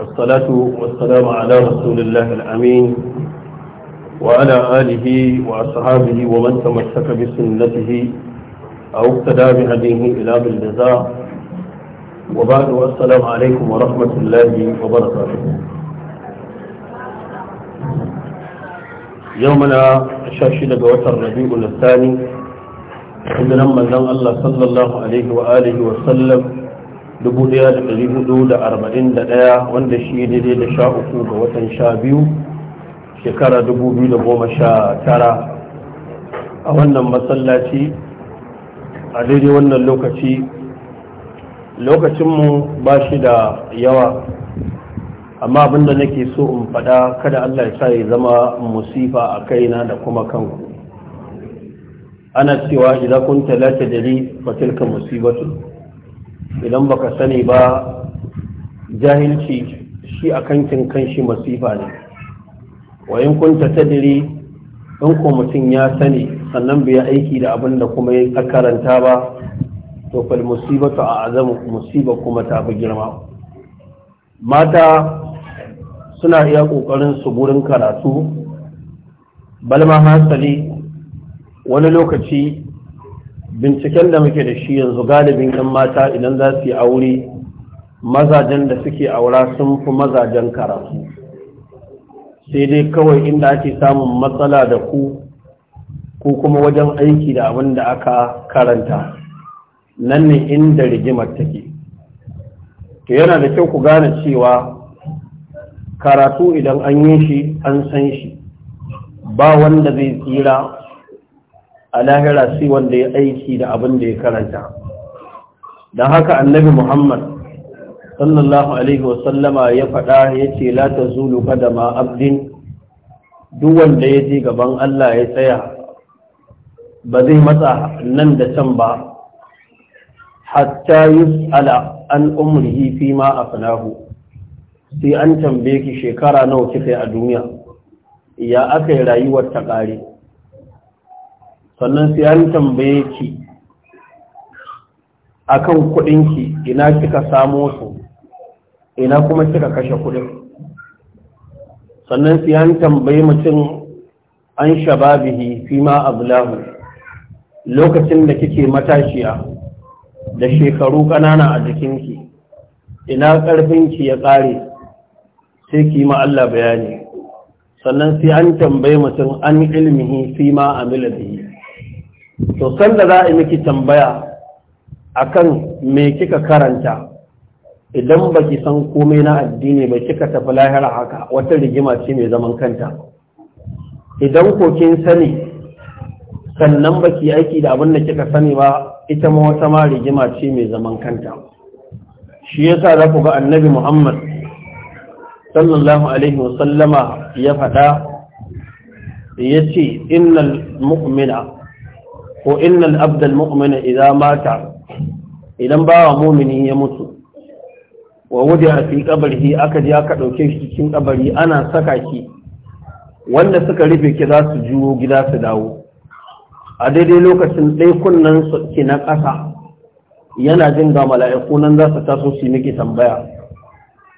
والصلاة والسلام على رسول الله الأمين وعلى آله وأصحابه ومن تمسك بسنته أو اقتدى بهديه إلى بالجزاء وبعد والسلام عليكم ورحمة الله وبركاته يومنا شاشد بوتر الربيع الثاني عندنا من الله صلى الله عليه وآله وسلم 1441 wanda shi ne dai da sha uku ga watan sha biyu shekara 2019 a wannan masallaci a daidai wannan lokaci lokacinmu ba shi da yawa amma abinda nake so in faɗa kada allah ya sa ya zama musifa a kaina da kuma kanku ana cewa idan kun talata dare fatilka musibatu idan baka sani ba jahilci shi a kankin shi masifa ne wayan kunta dire, in ko mutum ya sani sannan bai aiki da abin da kuma ya karanta ba to fal musibatu a azam musiba kuma ta fi girma mata suna iya ƙoƙarin su gurin karatu balma hasali wani lokaci binciken da muke da shi yanzu galibin 'yan mata idan za su yi aure mazajen da suke aura sun fi mazajen karatu sai dai kawai inda ake samun matsala da ku ko kuma wajen aiki da abin da aka karanta nan ne inda rigimar take to yana da kyau ku gane cewa karatu idan an yi shi an san shi ba wanda zai tsira a lahira sai wanda ya aiki da abin da ya karanta dan haka annabi muhammad sallallahu alaihi wasallama ya faɗa ya ce la zulu kadama abdin duk wanda ya je gaban allah ya tsaya ba zai matsa nan da can ba hatta yus'ala an umrihi fi ma afnahu sai an tambaye ki shekara nawa kika a duniya ya aka yi rayuwar ta ƙare sannan sai an tambaye ki akan kuɗinki ina kika samo su ina kuma kika kashe kuɗin sannan sai an tambayi mutum an shababihi fi ma ablahu lokacin da kike matashiya da shekaru ƙanana a jikinki ina ƙarfinki ya ƙare sai ki ma Allah bayani sannan sai an tambayi mutum an ilmihi fi ma amila to da za a yi miki tambaya akan me kika karanta idan baki san komai na addini ba kika tafi lahira haka wata rigima ce mai zaman kanta idan ko kin sani sannan baki aiki da abin da kika sani ba ita ma wata ma rigima ce mai zaman kanta shi yasa za ku ga annabi muhammad sallallahu alaihi wasallama ya faɗa ya ce innal mu'mina ko innal abdal mu'mina idza mata idan ba wa mumini ya mutu wa wudi a fi kabari aka je aka ɗauke shi cikin kabari ana saka shi. wanda suka rufe ki za su juyo gida su dawo a daidai lokacin ɗai kunnen ki na kasa yana jin ga mala'iku nan za su taso su miki tambaya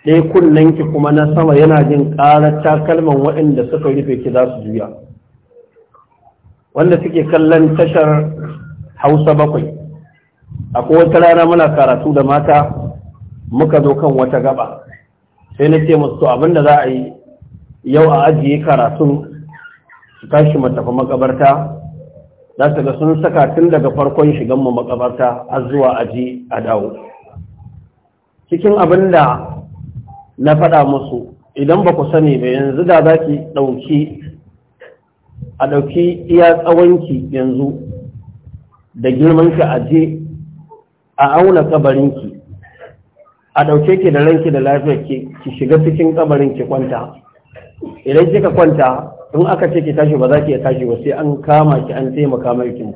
ɗai kunnen ki kuma na sama yana jin ƙarar takalman waɗanda suka rufe ki za su juya wanda suke kallon tashar hausa bakwai akwai wata rana muna karatu da mata muka zo kan wata gaba sai na ce musu da za a yi yau a ajiye karatun su tashi tafi makabarta za su ga sun saka tun daga farkon shiganmu makabarta har zuwa aji a dawo cikin abin da na faɗa musu idan ba ku sani ba yanzu da za ki ɗauki a ɗauki iya tsawonki yanzu da girmanka a je a auna kabarinki a ɗauke ki da ranki da lafiyar ki shiga cikin kabarin ki kwanta idan kika kwanta in aka ce ki tashi ba za ki iya tashi ba sai an kama ki an taimaka mai kin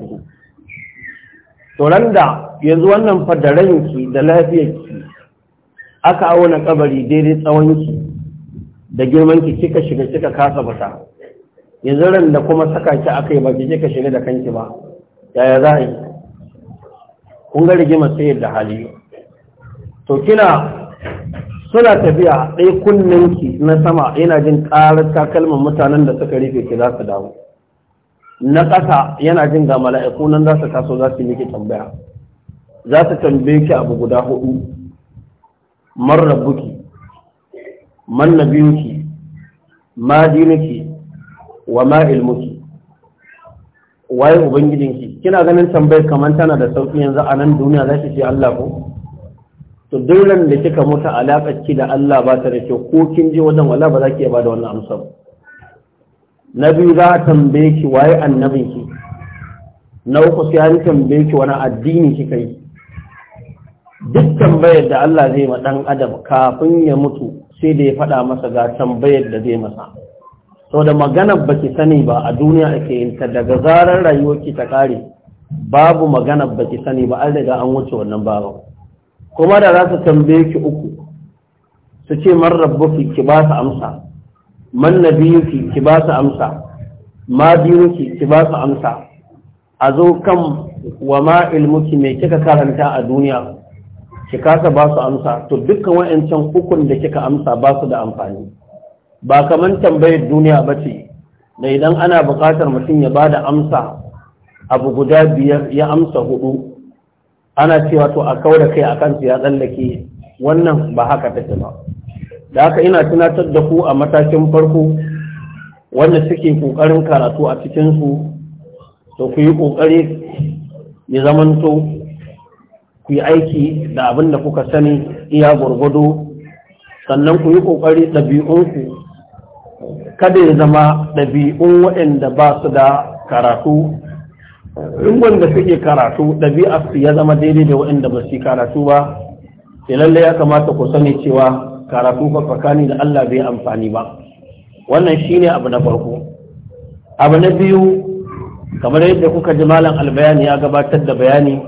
to da yanzu wannan fadaran ranki da lafiyar ki aka auna kabari daidai tsawonki da girmanki kika shiga kika kasa fita yanzu ran da kuma saka ki aka yi ba ki ka shirya da kanki ba yaya za a yi kun ga rigima sai da hali to kina suna tafiya ɗaya kunnen na sama yana jin ƙarar takalman mutanen da suka rufe ki za su dawo na ƙasa yana jin ga mala'iku nan za su taso za su miki tambaya za su tambaye ki abu guda hudu man rabbuki man nabiyuki ma dinuki wa ma ilmuki waye ubangijinki kina ganin tambayar kamar tana da sauki yanzu a nan duniya za ki ce Allah ko to dole da kika mutu alaƙar ki da Allah ba ta da kyau ko kin je wannan wala ba za ki ba da wannan amsar na biyu za a tambaye ki waye annabin ki na uku sai an tambaye ki wani addini kika yi duk tambayar da Allah zai ma dan adam kafin ya mutu sai da ya faɗa masa ga tambayar da zai masa sau da magana ba ki sani ba a duniya ake yin ta daga zarar ki ta kare babu magana ba ki sani ba an riga an wuce wannan babu kuma da za su tambaye ki uku su ce man fi ki ba su amsa man fi ki ba su amsa ma biyu ki ba su amsa a zo kan wa ma ilmuki me kika karanta a duniya ki kasa ba su amsa to dukkan wa'ancan ukun da kika amsa ba su da amfani ba kamar tambayar duniya ba ce da idan ana buƙatar mutum ya ba da amsa abu guda biyar ya amsa hudu ana cewa to a kawo da kai a kansu ya tsallake wannan ba haka take ba da haka ina tunatar da ku a matakin farko wanda suke ƙoƙarin karatu a cikinsu to ku yi ƙoƙari ya zamanto ku yi aiki da abin da kuka sani iya gwargwado sannan ku yi ƙoƙari ɗabi'unku kada ya zama ɗabi'un waɗanda ba su da karatu in wanda suke karatu ɗabi'a su ya zama daidai da waɗanda ba su karatu ba eh, lallai ya kamata ku sani cewa karatu ba tsakani da Allah bai amfani ba wannan shine abu na farko abu na biyu kamar yadda kuka ji malam albayani ya gabatar da bayani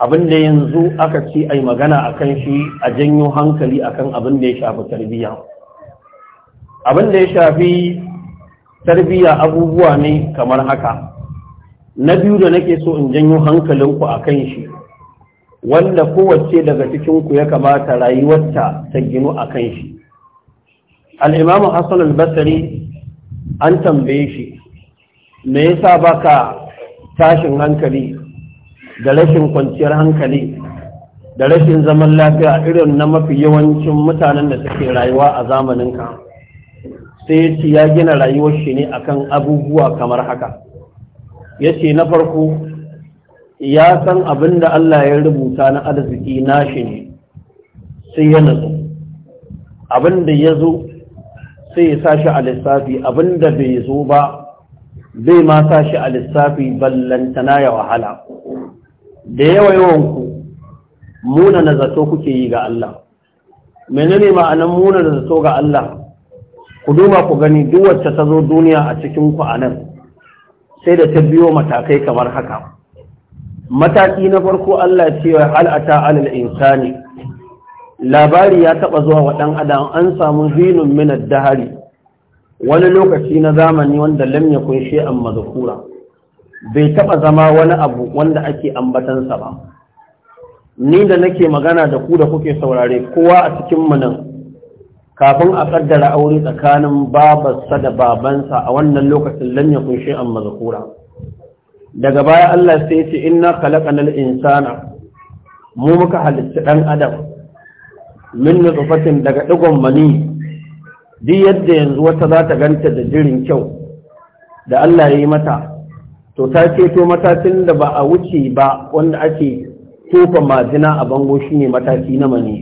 abin da yanzu aka ci ai magana akan shi a janyo hankali akan abin da ya shafi tarbiyya abin da ya shafi tarbiyya abubuwa ne kamar haka na biyu da nake so in janyo hankalinku a kan shi wanda kowace daga cikinku ya kamata rayuwarta ta ginu a kan shi al'imamu hassan al-basari an tambaye shi me yasa baka tashin hankali da rashin kwanciyar hankali da rashin zaman lafiya irin na mafi yawancin mutanen da suke rayuwa a zamaninka sai ya ce ya gina rayuwar shi ne akan abubuwa kamar haka ya ce na farko ya san abin da Allah ya rubuta na arziki nashi ne sai ya nazo abin da ya zo sai ya sashi a lissafi abin da bai zo ba bai ma sashi a lissafi ballantana ya wahala da yawa yawanku muna zato kuke yi ga Allah menene ma'anan muna zato ga Allah ku duba ku gani duk wacce ta zo duniya a cikin ku a nan sai da ta biyo matakai kamar haka mataki na farko Allah ya ce wa al'ata alal insani labari ya taba zuwa wa dan adam an samu zinun min ad-dahari wani lokaci na zamani wanda lam yakun shay'an madhkura bai taba zama wani abu wanda ake ambatansa ba ni da nake magana da ku da kuke saurare kowa a cikin mu nan kafin a kaddara aure tsakanin babarsa da babansa a wannan lokacin lam kunshi an mazkura daga baya Allah sai ya ce inna khalaqnal insana mu muka halitta dan adam min nutfatin daga digon mani duk yadda yanzu wata za ta ganta da jirin kyau da Allah ya yi mata to ta ce to matakin da ba a wuce ba wanda ake tofa majina a bango shine mataki na mani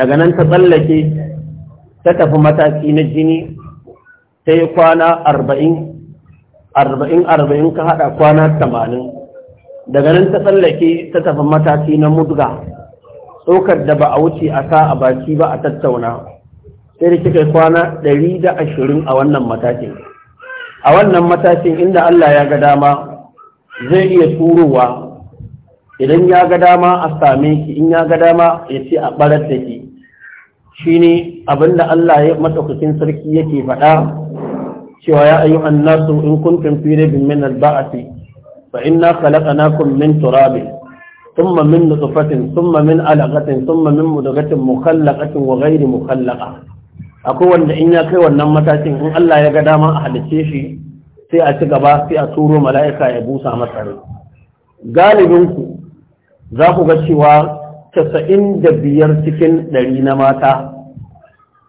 daga nan ta tsallake ta tafi mataki na jini ta yi kwana arba'in arba'in arba'in ka haɗa kwana tamanin daga nan ta tsallake ta tafi mataki na mudga tsokar da ba a wuce a sa a baki ba a tattauna sai da kika kwana ɗari da ashirin a wannan matakin a wannan matakin inda Allah ya ga dama zai iya turowa idan ya ga dama a same ki in ya ga dama ya ce a ɓarar da ki shine abinda Allah ya madaukakin sarki yake faɗa cewa ya ayyuhan nasu in kuntum fi raybin min al-ba'thi fa inna khalaqnakum min turabin thumma min nutfatin thumma min alaqatin thumma min mudghatin mukhallaqatin wa ghayri mukhallaqa akwai wanda in ya kai wannan matakin in Allah ya ga dama a halice shi sai a ci gaba sai a turo mala'ika ya busa masa rai galibin ku za ku ga cewa casa'in da biyar cikin ɗari na mata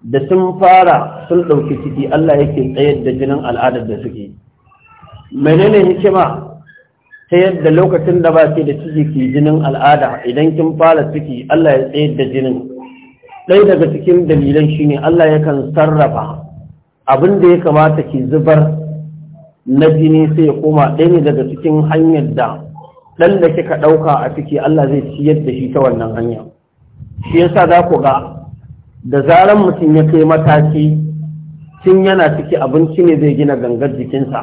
da sun fara sun ɗauki ciki Allah yake tsayar da jinin al'adar da suke menene hikima ta yadda lokacin da ba ke da ciki ke jinin al'ada idan kin fara ciki Allah ya tsayar da jinin ɗaya daga cikin dalilan shi ne Allah yakan sarrafa abin da ya kamata ki zubar na jini sai ya koma ɗaya ne daga cikin hanyar da dan da kika ɗauka a ciki Allah zai ciyar da shi ta wannan hanya shi yasa za ku ga da zaran mutum ya kai mataki tun yana ciki abinci ne zai gina gangar jikinsa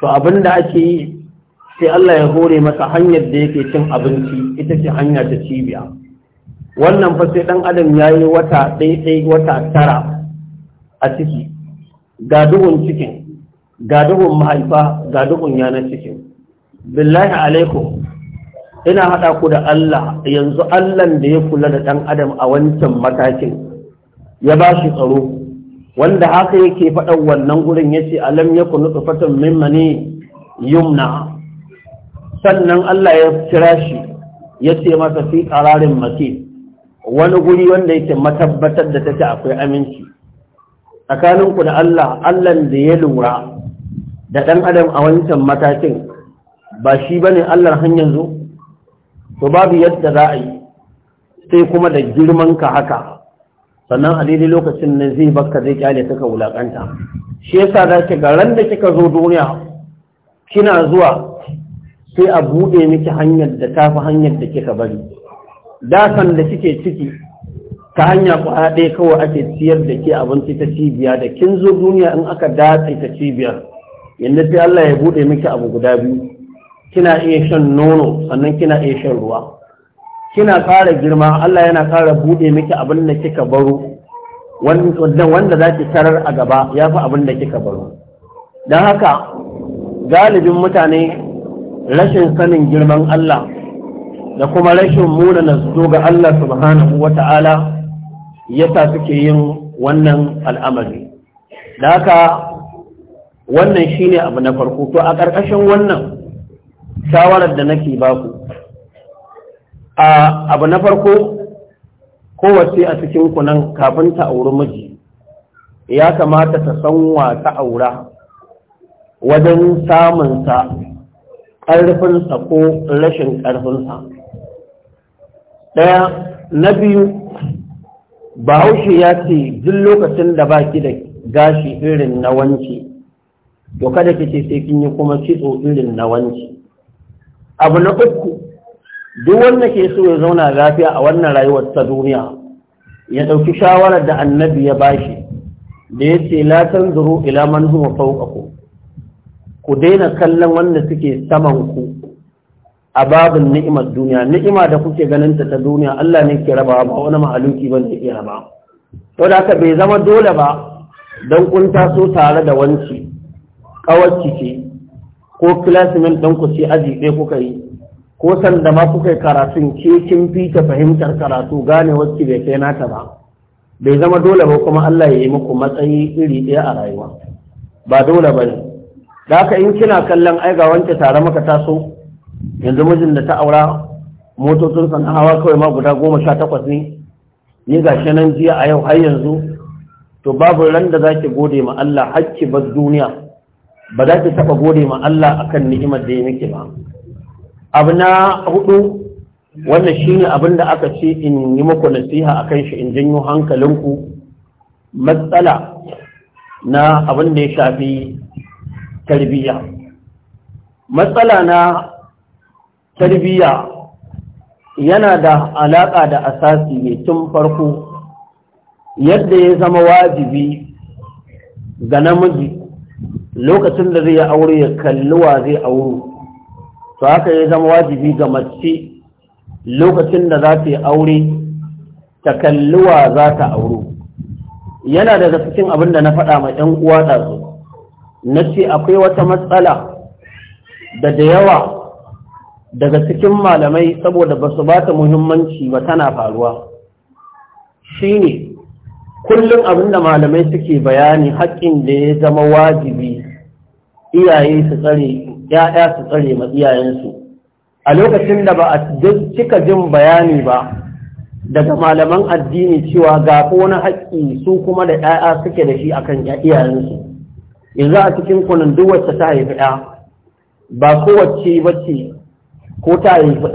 to abin da ake yi sai Allah ya hore masa hanyar da yake cin abinci ita ce hanya ta cibiya wannan fa sai dan adam ya yi wata ɗaiɗai wata tara a ciki ga duhun cikin ga duhun mahaifa ga duhun yanar cikin billahi alaikum ina haɗa ku da Allah yanzu Allahn da ya kula da ɗan adam a wancan matakin ya ba shi tsaro wanda haka yake faɗan wannan gurin ya ce alam ya kunu tsufatan mimmani yumna sannan Allah ya kira shi ya ce masa fi ƙararin mace wani guri wanda yake matabbatar da tafi akwai aminci tsakaninku da Allah Allahn da ya lura da ɗan adam a wancan matakin ba shi ba ne Allah har yanzu to babu yadda za a yi sai kuma da girman ka haka sannan a daidai lokacin nan zai baka zai kyale ka wulakanta shi yasa zaki ga ran da kika zo duniya kina zuwa sai a buɗe miki hanyar da tafi hanyar da kika bari dakan da kike ciki ta hanya kwaya ɗaya kawai ake ciyar da ke abinci ta cibiya da kin zo duniya in aka datse ta cibiyar yadda sai Allah ya buɗe miki abu guda biyu kina iya shan nono sannan kina iya shan ruwa kina ƙara girma Allah yana ƙara buɗe miki abin da kika baro wanda za ki tarar a gaba ya fi abin da kika baro don haka galibin mutane rashin sanin girman Allah da kuma rashin muna zo ga Allah subhanahu wa ta'ala ya suke yin wannan al'amari da haka wannan shine abu na farko to a ƙarƙashin wannan shawarar da nake ba ku abu na farko kowace a cikin nan kafin ta auri miji ya kamata ta san wa ta aura wajen samunsa ƙarfinsa ko rashin ƙarfinsa ɗaya na biyu bahaushe ya ce duk lokacin da baki da gashi irin na wanci to kada ki sai kin yi kuma kitso irin na wanci abu na uku duk wanda ke so ya zauna lafiya a wannan rayuwar ta duniya ya ɗauki shawarar da annabi ya bashi da ya ce latan zuru ila man huwa fawqakum ku daina kallon wanda suke saman ku a babin ni'imar duniya ni'ima da kuke ganin ta ta duniya Allah ne ke rabawa ba wani mahaluki ba ne iya rabawa to da haka bai zama dole ba don kun taso tare da wanci kawarki ce ko kilasimen don ku sai aji ɗaya kuka yi ko sanda ma kuka yi karatun ke kin fi ta fahimtar karatu gane wasu bai kai nata ba bai zama dole ba kuma Allah ya yi muku matsayi iri ɗaya a rayuwa ba dole ba ne da aka in kina kallon ai ga wanke tare maka taso yanzu mijin da ta aura motocin sana hawa kawai ma guda goma sha takwas ne ni ga shi nan jiya a yau har yanzu to babu ran da zaki gode ma Allah hakki bar duniya ba za ki taɓa gode ma Allah akan ni'imar da ya miki ba abu na hudu wannan shine abin da aka ce in yi muku nasiha akan shi in janyo hankalinku matsala na abin da ya shafi tarbiyya matsala na tarbiyya yana da alaƙa da asasi ne tun farko yadda ya zama wajibi ga namiji lokacin da zai yi aure ya kalli wa zai auru, to haka ya zama wajibi ga mace lokacin da za ta yi aure ta kalli wa za ta auru. yana daga cikin abin da na faɗa ma 'yan uwa ɗazu na ce akwai wata matsala da da yawa daga cikin malamai saboda ba su ba muhimmanci ba tana faruwa Shi ne kullum abin da malamai suke bayani haƙƙin da ya zama wajibi iyaye su tsare ya'ya su tsare ma iyayensu a lokacin da ba a cika jin bayani ba daga malaman addini cewa ga ko haƙƙi su kuma da ya'ya suke da shi akan iyayensu yanzu a cikin kunan duk wacce ta haifi ɗa ba kowace ce ko ta haifi ɗa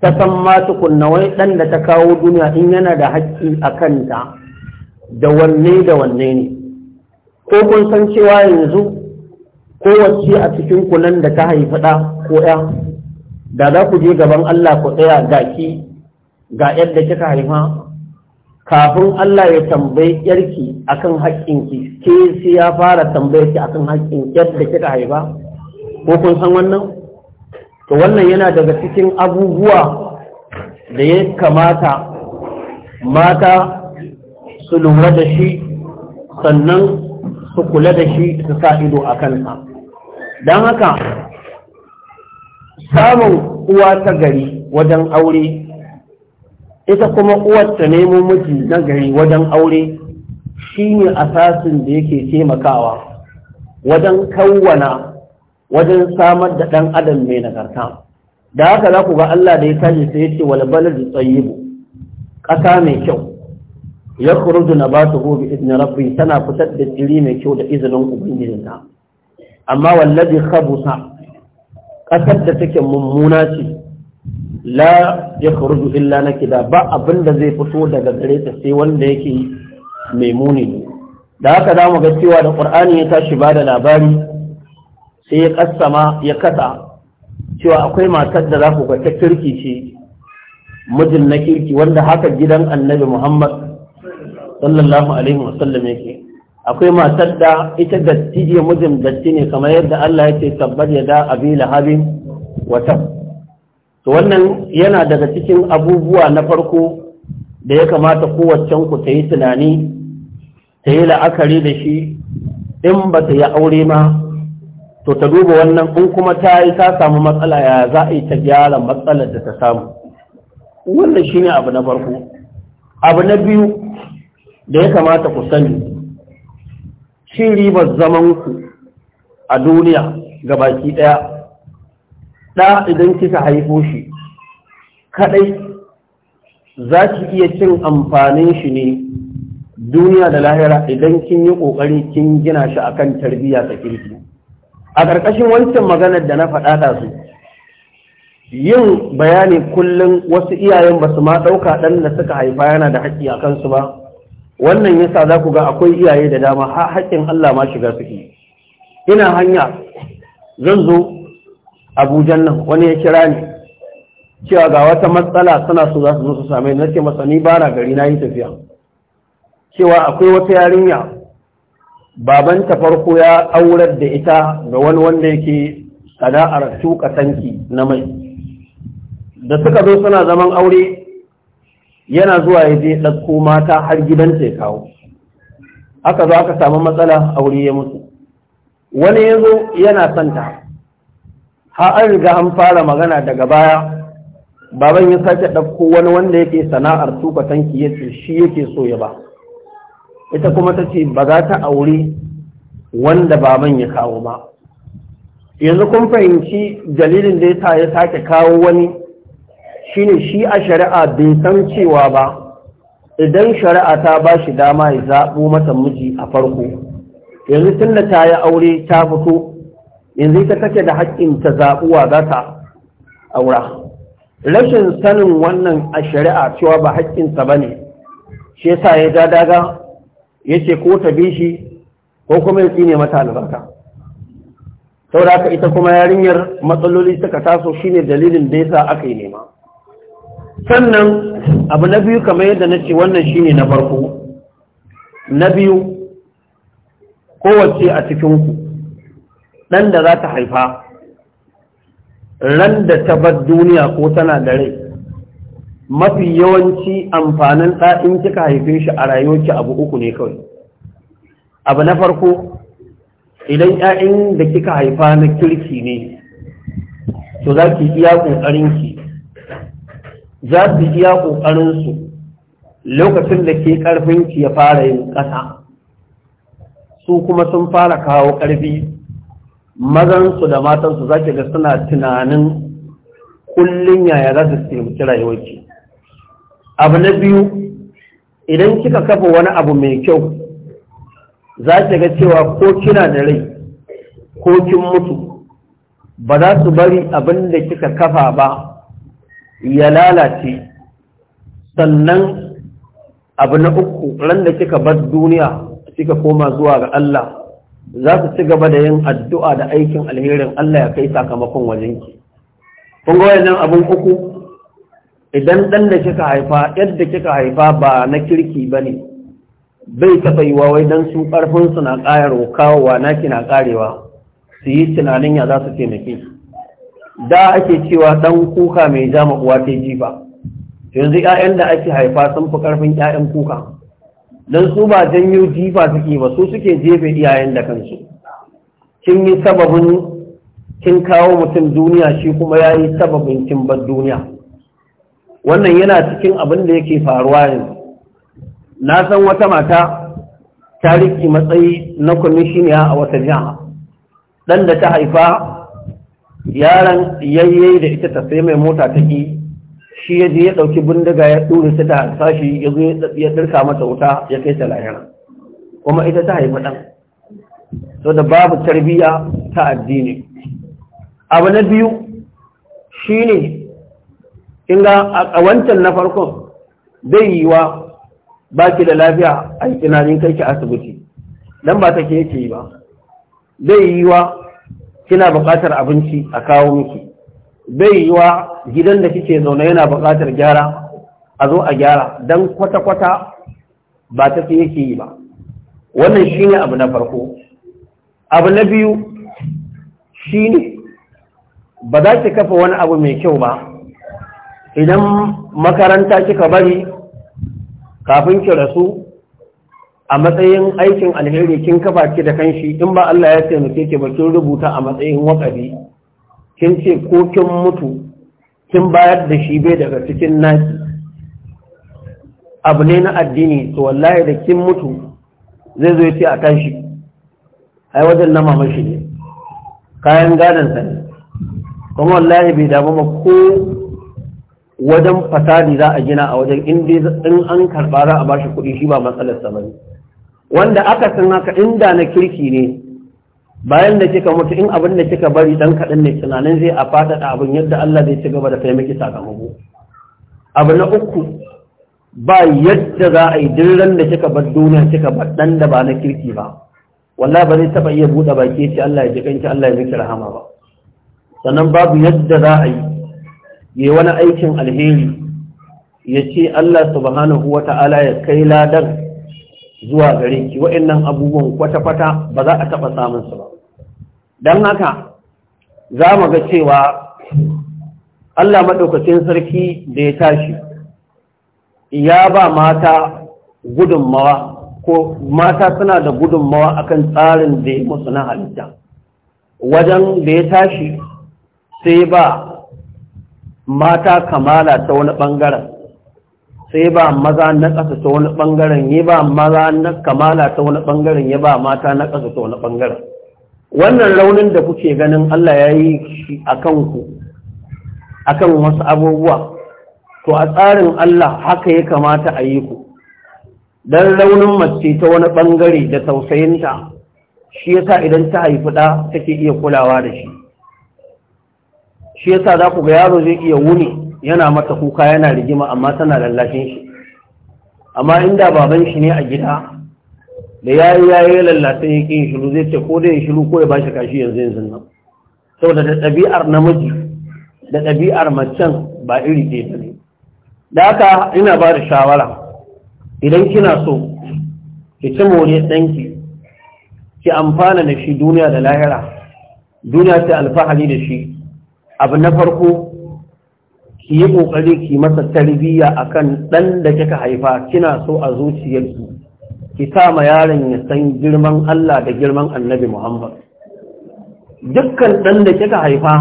ta san ma tukunna wani ɗan da ta kawo duniya in yana da haƙƙi a kanta da wanne da wanne ne ko kun san cewa yanzu kowace a cikin kunan da ka haifi ɗa ko ya da za ku je gaban Allah ku tsaya ga ki ga yadda kika haifa kafin Allah ya tambayi yarki akan ki ke sai ya fara tambayarki akan haƙƙin yadda kika haifa ko kun san wannan to wannan yana daga cikin abubuwa da ya kamata mata su lura da shi sannan su kula da shi su sa ido a kansa don haka samun uwa ta gari wajen aure ita kuma uwar ta nemo miji na gari wajen aure shine asasin da yake taimakawa wajen kawwana wajen samar da ɗan adam mai nagarta da haka za ku ga Allah da ya tashi sai ya ce wal baladu tayyibu ƙasa mai kyau ya kurudu na ba su gobe izinin rabbi tana fitar da jiri mai kyau da izinin ubangijinta amma wallazi khabusa ƙasar da take mummuna ce la ya illa nakida ba abin da zai fito daga gare ta sai wanda yake mai muni da haka zamu ga cewa da qur'ani ya tashi ba da labari sai ya kassama ya kasa cewa akwai matar da za ku ga ta kirki ce mijin na kirki wanda haka gidan annabi muhammad sallallahu alaihi wasallam yake akwai matar da ita datti ya mijin datti ne kamar yadda Allah ya ce tabbar ya da abi lahabin wata to wannan yana daga cikin abubuwa na farko da ya kamata kowaccen ku ta yi tunani ta yi la'akari da shi in ba ta yi aure ma to ta duba wannan in kuma ta yi ta samu matsala ya za a yi ta gyara matsalar da ta samu wannan shine abu na farko abu na biyu da ya kamata ku sani cin ribar zaman ku a duniya ga baki ɗaya ɗa idan kika haifo shi kaɗai za ki iya cin amfanin shi ne duniya da lahira idan kin yi ƙoƙari kin gina shi akan tarbiyya ta kirki a ƙarƙashin wancan maganar da na faɗaɗa su yin bayani kullum wasu iyayen ba su ma ɗauka ɗan da suka haifa yana da haƙƙi a kansu ba wannan yasa za ku ga akwai iyaye da dama ha haƙƙin Allah ma shiga suke ina hanya zan zo Abuja nan wani ya kira ni cewa ga wata matsala suna so za su zo su same ni nake masa ni bara gari na yi tafiya cewa akwai wata yarinya babanta farko ya aurar da ita ga wani wanda yake sana'ar tuka tanki na mai da suka zo suna zaman aure yana zuwa ya je ɗauko mata har gidansa ya kawo aka zo aka samu matsala aure ya mutu wani ya zo yana santa ha an riga an fara magana daga baya baban ya sake ɗauko wani wanda yake sana'ar tuka tanki ya ce shi yake so ya ba ita kuma ta ce ba za ta aure wanda baban ya kawo ba yanzu kun fahimci dalilin da ya ya sake kawo wani shine shi a shari'a bai san cewa ba idan shari'a ta ba shi dama ya zaɓo mata miji a farko yanzu tun da ta yi aure ta fito yanzu ta take da haƙƙin ta zaɓuwa za ta aura rashin sanin wannan a shari'a cewa ba haƙƙinsa ba ne shi yasa ya ja daga ya ce ko ta bi shi ko kuma ya tsine mata albarka saboda haka ita kuma yarinyar matsaloli suka taso shine dalilin da yasa aka yi nema sannan abu na biyu kamar yadda na ce wannan shine na farko na biyu kowace a cikinku ɗan da za ta haifa ran da ta bar duniya ko tana da rai mafi yawanci amfanin ɗa'in kika haife shi a rayuwarki abu uku ne kawai abu na farko idan 'ya'yan da kika haifa na kirki ne to za ki iya ƙoƙarinki za su iya ƙoƙarinsu lokacin da ke ƙarfinki ya fara yin ƙasa su kuma sun fara kawo ƙarfi mazansu da matansu za ga suna tunanin kullum yaya za su taimaki rayuwarki abu na biyu idan kika kafa wani abu mai kyau za ki ga cewa ko kina da rai ko kin mutu ba za su bari abin da kika kafa ba ya lalace sannan abu na uku ran da kika bar duniya kika koma zuwa ga Allah za su ci gaba da yin addu'a da aikin alherin Allah ya kai sakamakon wajenki kun ga wayannan abun uku idan dan da kika haifa yadda kika haifa ba na kirki bane bai taɓa yi wai don su ƙarfinsu na ƙayar kawo kawowa naki na ƙarewa su yi tunanin ya za su taimake da ake cewa dan kuka mai jama uwa ta jifa yanzu 'ya'yan da ake haifa sun fi ƙarfin 'ya'yan kuka dan su ba janyo jifa suke ba su suke jefe iyayen da kansu kin yi sababin kin kawo mutum duniya shi kuma ya yi sababin kin bar duniya wannan yana cikin abin da yake faruwa yanzu na san wata mata ta riƙe matsayi na kwamishiniya a wata jiha ɗan da ta haifa yaron yayye da ita ta sai mai mota ta ki shi yaje ya ɗauki bindiga ya dure ta da sashi ya zo ya dirka mata wuta ya kai ta lahira kuma ita ta haifi ɗan so da babu tarbiyya ta addini abu na biyu shine in ga a wancan na farkon zai yiwa ba ki da lafiya a tunanin kai ki asibiti dan ba take yake yi ba yi yiwa kina buƙatar abinci a kawo miki bai yiwa gidan da kike zaune yana buƙatar gyara a zo a gyara don kwata-kwata ba ta fi yake yi ba wannan shi ne abu na farko abu na biyu shi ne. ba za ki kafa wani abu mai kyau ba idan makaranta kika bari kafin ki rasu a matsayin aikin alheri kin kafa ki da kanshi in ba Allah ya taimake ki ba kin rubuta a matsayin wakari, kin ce ko kin mutu kin bayar da shi bai daga cikin naki abu ne na addini to wallahi da kin mutu zai zo ce a tashi ai wajen na mamashi ne kayan gadon sa ne kuma wallahi bai damu ba ko wajen fasadi za a gina a wajen in an karɓa za a bashi kuɗi shi ba matsalar sa ne wanda aka san haka inda na kirki ne bayan da kika mutu in abin da kika bari dan kaɗan ne tunanin zai a da abin yadda Allah zai ci gaba da kai miki sakamako abu na uku ba yadda za a yi dirran da kika bar duniya kika bar dan da ba na kirki ba wallahi ba zai taba iya buɗe baki ce Allah ya ji kanki Allah ya miki rahama ba sannan babu yadda za a yi yi wani aikin alheri ya ce Allah subhanahu wata'ala ya kai ladan zuwa gare ki wa'annan abubuwan kwata-kwata ba za a taɓa samun su ba don haka za mu ga cewa Allah maɗaukacin sarki da ya tashi ya ba mata gudunmawa ko mata suna da gudunmawa akan tsarin da ya musu na halitta wajen da ya tashi sai ba mata kamala ta wani ɓangaren sai ba maza na ƙasa ta wani ɓangaren ya ba maza na kamala ta wani ɓangaren ya ba mata na ƙasa ta wani ɓangaren wannan raunin da kuke ganin Allah ya yi shi a kanku a kan wasu abubuwa to a tsarin Allah haka ya kamata a yi ku don raunin mace ta wani ɓangare da tausayinta shi ya sa idan ta haifi ɗa take iya kulawa da shi shi ya sa za ku ga yaro zai iya wuni yana mata kuka yana rigima amma tana lallashin shi amma inda baban shi ne a gida da ya yi yayi lallata ya shi shiru zai ce ko da ya shiru ko ya bashi kashi yanzu yanzu nan saboda da ɗabi'ar namiji da ɗabi'ar macen ba iri ɗaya ba ne da haka ina ba da shawara idan kina so ki ci more ɗanki ki amfana da shi duniya da lahira duniya ta alfahari da shi abu na farko ki yi ƙoƙari ki masa tarbiyya kan ɗan da kika haifa kina so a zuciyarki ki sa ma yaron ya san girman Allah da girman Annabi Muhammad dukkan ɗan da kika haifa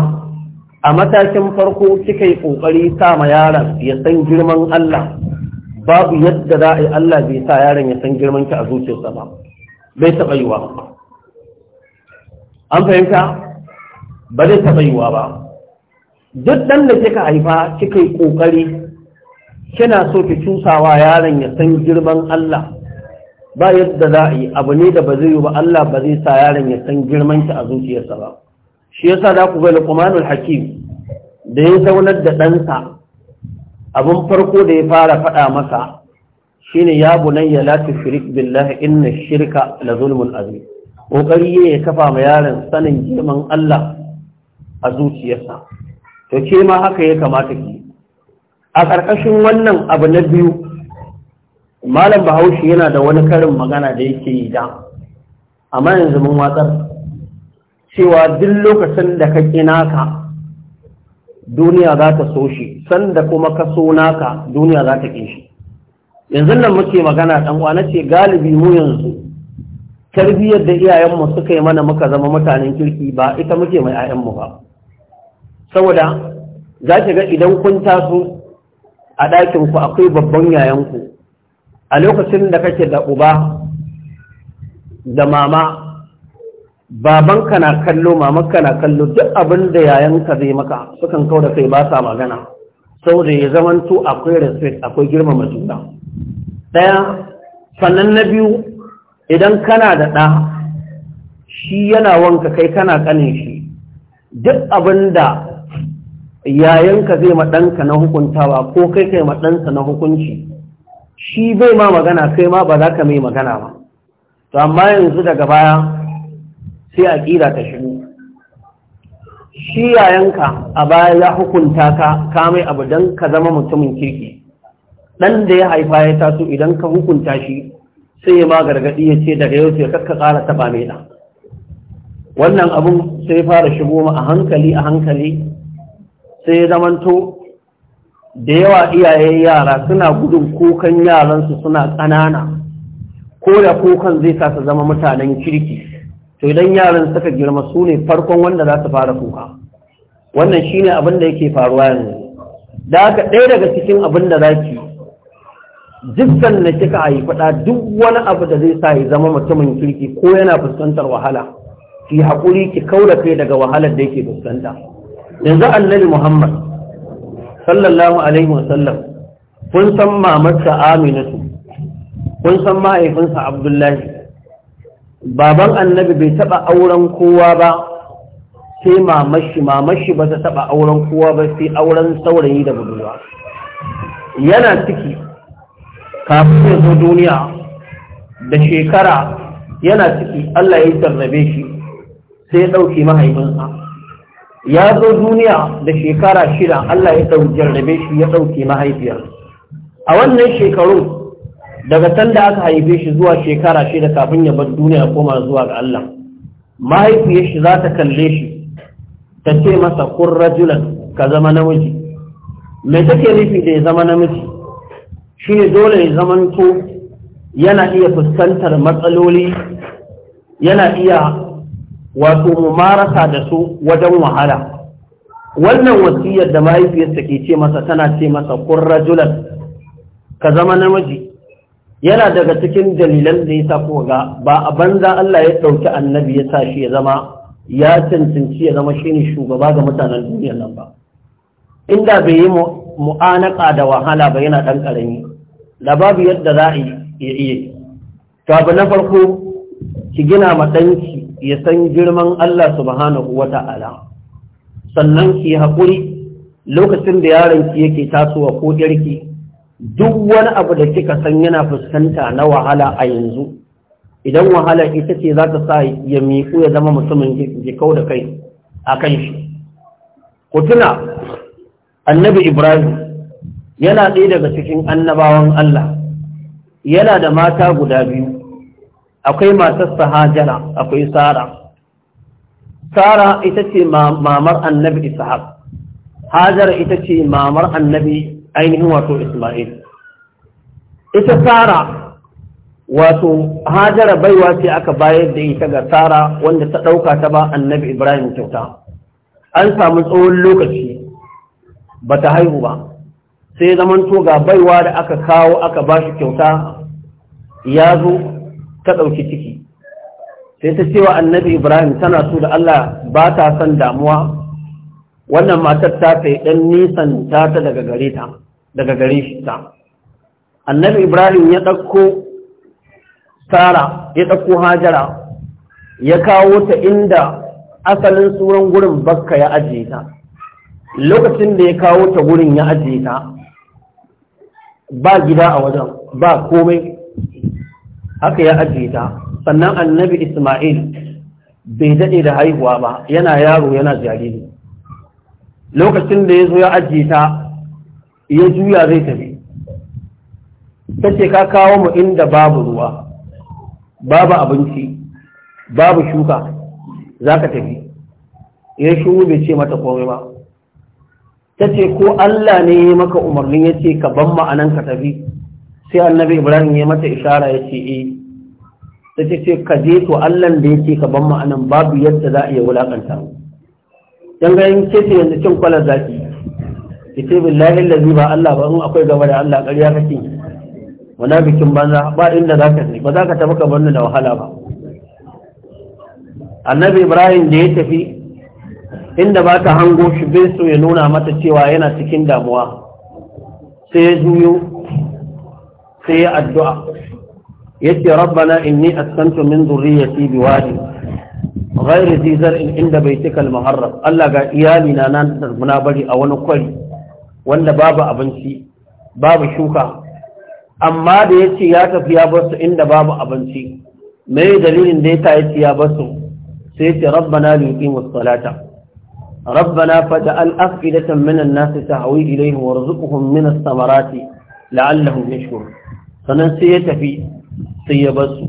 a matakin farko kika yi ƙoƙari sa ma yaron ya san girman Allah babu yadda za a yi Allah bai sa yaron ya san girman ki a zuciyarsa ba bai taɓa yiwa an fahimta ba zai taɓa yiwa ba duk ɗan da kika haifa kika yi kokari kina so ki cusawa yaron ya san girman Allah ba yadda za a yi abu ne da ba zai yi ba Allah ba zai sa yaron ya san girman ki a zuciyarsa ba shi yasa za ku ga Luqmanul Hakim da ya zaunar da ɗansa abin farko da ya fara faɗa masa shine ya bunayya la billahi inna shirka la zulmun azim kokari ya kafa ma yaron sanin girman Allah a zuciyarsa to ke ma haka ya kamata ki a ƙarƙashin wannan abu na biyu malam bahaushe yana da wani karin magana da yake yi da amma yanzu mun watsar cewa duk lokacin da ka naka duniya za ta so shi sanda kuma ka so naka duniya za ta ƙi shi yanzu nan muke magana ɗan uwa ce galibi mu yanzu tarbiyyar da iyayenmu suka yi mana muka zama mutanen kirki ba ita muke mai 'ya'yanmu ba saboda za ki ga idan kun taso a ɗakinku akwai babban yayanku a lokacin da kake da uba da mama babanka na kallo mamanka na kallo duk abin da yayanka zai maka sukan kawo da kai ba sa magana saboda ya zamanto akwai respect akwai girmama juna ɗaya sannan na biyu idan kana da ɗa shi yana wanka kai kana kanin shi duk abin da yayanka zai maɗanka ɗanka na hukuntawa ko kai kai ma na hukunci shi bai ma magana kai ma ba za ka mai magana ba to amma yanzu daga baya sai a ƙira ta shi shi yayanka a baya ya hukunta ka ka mai abu don ka zama mutumin kirki ɗan da ya haifa ya taso idan ka hukunta shi sai ya ma gargaɗi ya ce daga yau sai ka ƙara taɓa mai ɗan wannan abun sai fara shigo ma a hankali a hankali sai ya zamanto da yawa iyaye yara suna gudun kukan yaransu suna ƙanana ko da kukan zai sa su zama mutanen kirki to idan yaran suka girma su ne farkon wanda za su fara kuka wannan shine abin da yake faruwa yanzu da aka ɗaya daga cikin abin da za ki jiskan da kika haifi yi duk wani abu da zai sa ya zama mutumin kirki ko yana fuskantar wahala ki haƙuri ki kaula kai daga wahalar da yake fuskanta yanzu annabi muhammad sallallahu alaihi wasallam kun san mamarsa aminatu kun san mahaifinsa abdullahi baban annabi bai taba auren kowa ba sai mamashi mamashi ba ta taba auren kowa ba sai auren saurayi da budurwa yana ciki kafin ya zo duniya da shekara yana ciki Allah ya tarrabe shi sai ya ɗauke mahaifinsa ya zo duniya da shekara shida Allah ya ɗau jarrabe shi ya ɗauke mahaifiyar a wannan shekaru daga sanda aka haife shi zuwa shekara shida kafin ya bar duniya koma zuwa ga Allah mahaifiyar shi za ta kalle shi ta ce masa kun rajulan ka zama namiji me take nufi da ya zama namiji shi ne dole ya zamanto yana iya fuskantar matsaloli yana iya wato mumarasa da su wajen wahala wannan wasiyar da mahaifiyarsa ke ce masa tana ce masa kurra julal ka zama namiji yana daga cikin dalilan da ya sako ga ba a banza Allah ya ɗauki annabi ya sa shi ya zama ya cancanci ya zama shine shugaba ga mutanen duniyar nan ba inda bai yi mu'anaka da wahala ba yana ɗan ƙarami da babu yadda za a iya to abu na farko ki gina ma ɗanki ya san girman Allah subhanahu wa ta'ala sannan ki haƙuri lokacin da yaron ki yake tasowa ko yarki duk wani abu da kika san yana fuskanta na wahala a yanzu idan wahala ita ce za ta sa ya miƙu ya zama mutumin jikau da kai a kan shi Kutuna, annabi ibrahim yana ɗaya daga cikin annabawan allah yana da mata guda biyu akwai matarsa hajara akwai sara sara ita ce mamar annabi Isahar. hajara ita ce mamar annabi ainihin wato isma'il ita sara wato hajara baiwa ce aka bayar da ita ga tsara wanda ta ɗauka ta ba annabi ibrahim kyauta an samu tsawon lokaci ba ta haihu ba sai zamanto ga baiwa da aka kawo aka ba shi kyauta ya zo ta ɗauki ciki sai ta cewa annabi ibrahim tana so da allah ba ta son damuwa wannan matar ta kai ɗan nisan ta ta daga gare ta daga gare shi ta annabi ibrahim ya ɗauko sara ya ɗauko hajara ya kawo ta inda asalin suran gurin bakka ya ajiye ta lokacin da ya kawo ta gurin ya ajiye ta ba gida a wajen ba komai haka ya ajiye ta sannan annabi isma'il bai daɗe da haihuwa ba yana yaro yana jariri lokacin da ya zo ya ajiye ta ya juya zai tafi ta ce ka kawo mu inda babu ruwa babu abinci babu shuka za ka tafi ya shuru bai ce mata komai ba ta ce ko Allah ne ya maka umarnin ya ce ka ban ma'anan ka tafi sai annabi ibrahim ya mata ishara ya ce e ta ce ce ka je to allan da yake ka ban ma'anan babu yadda za a iya wulakanta mu dan ga ce ce yanzu cin kwalar zaki ki ce billahi allazi ba allah ba in akwai gaba da allah ƙarya kake wana bikin banza ba inda za ka ba za ka tafi ka bar da wahala ba annabi ibrahim da ya tafi inda ba ta hango shi bai so ya nuna mata cewa yana cikin damuwa sai ya juyo sai ya addu'a yace rabbana inni askantu min dhurriyyati biwadi ghayri dhi in inda baitikal muharram Allah ga iyali na nan muna bari a wani kwari wanda babu abinci babu shuka amma da yace ya tafi ya bar inda babu abinci me dalilin da yasa yace ya bar su sai yace rabbana liqimus salata ربنا فجعل أفئدة من الناس تهوي إليهم وارزقهم من الثمرات لعلهم يشكرون sannan sai ya tafi sai ya bar su.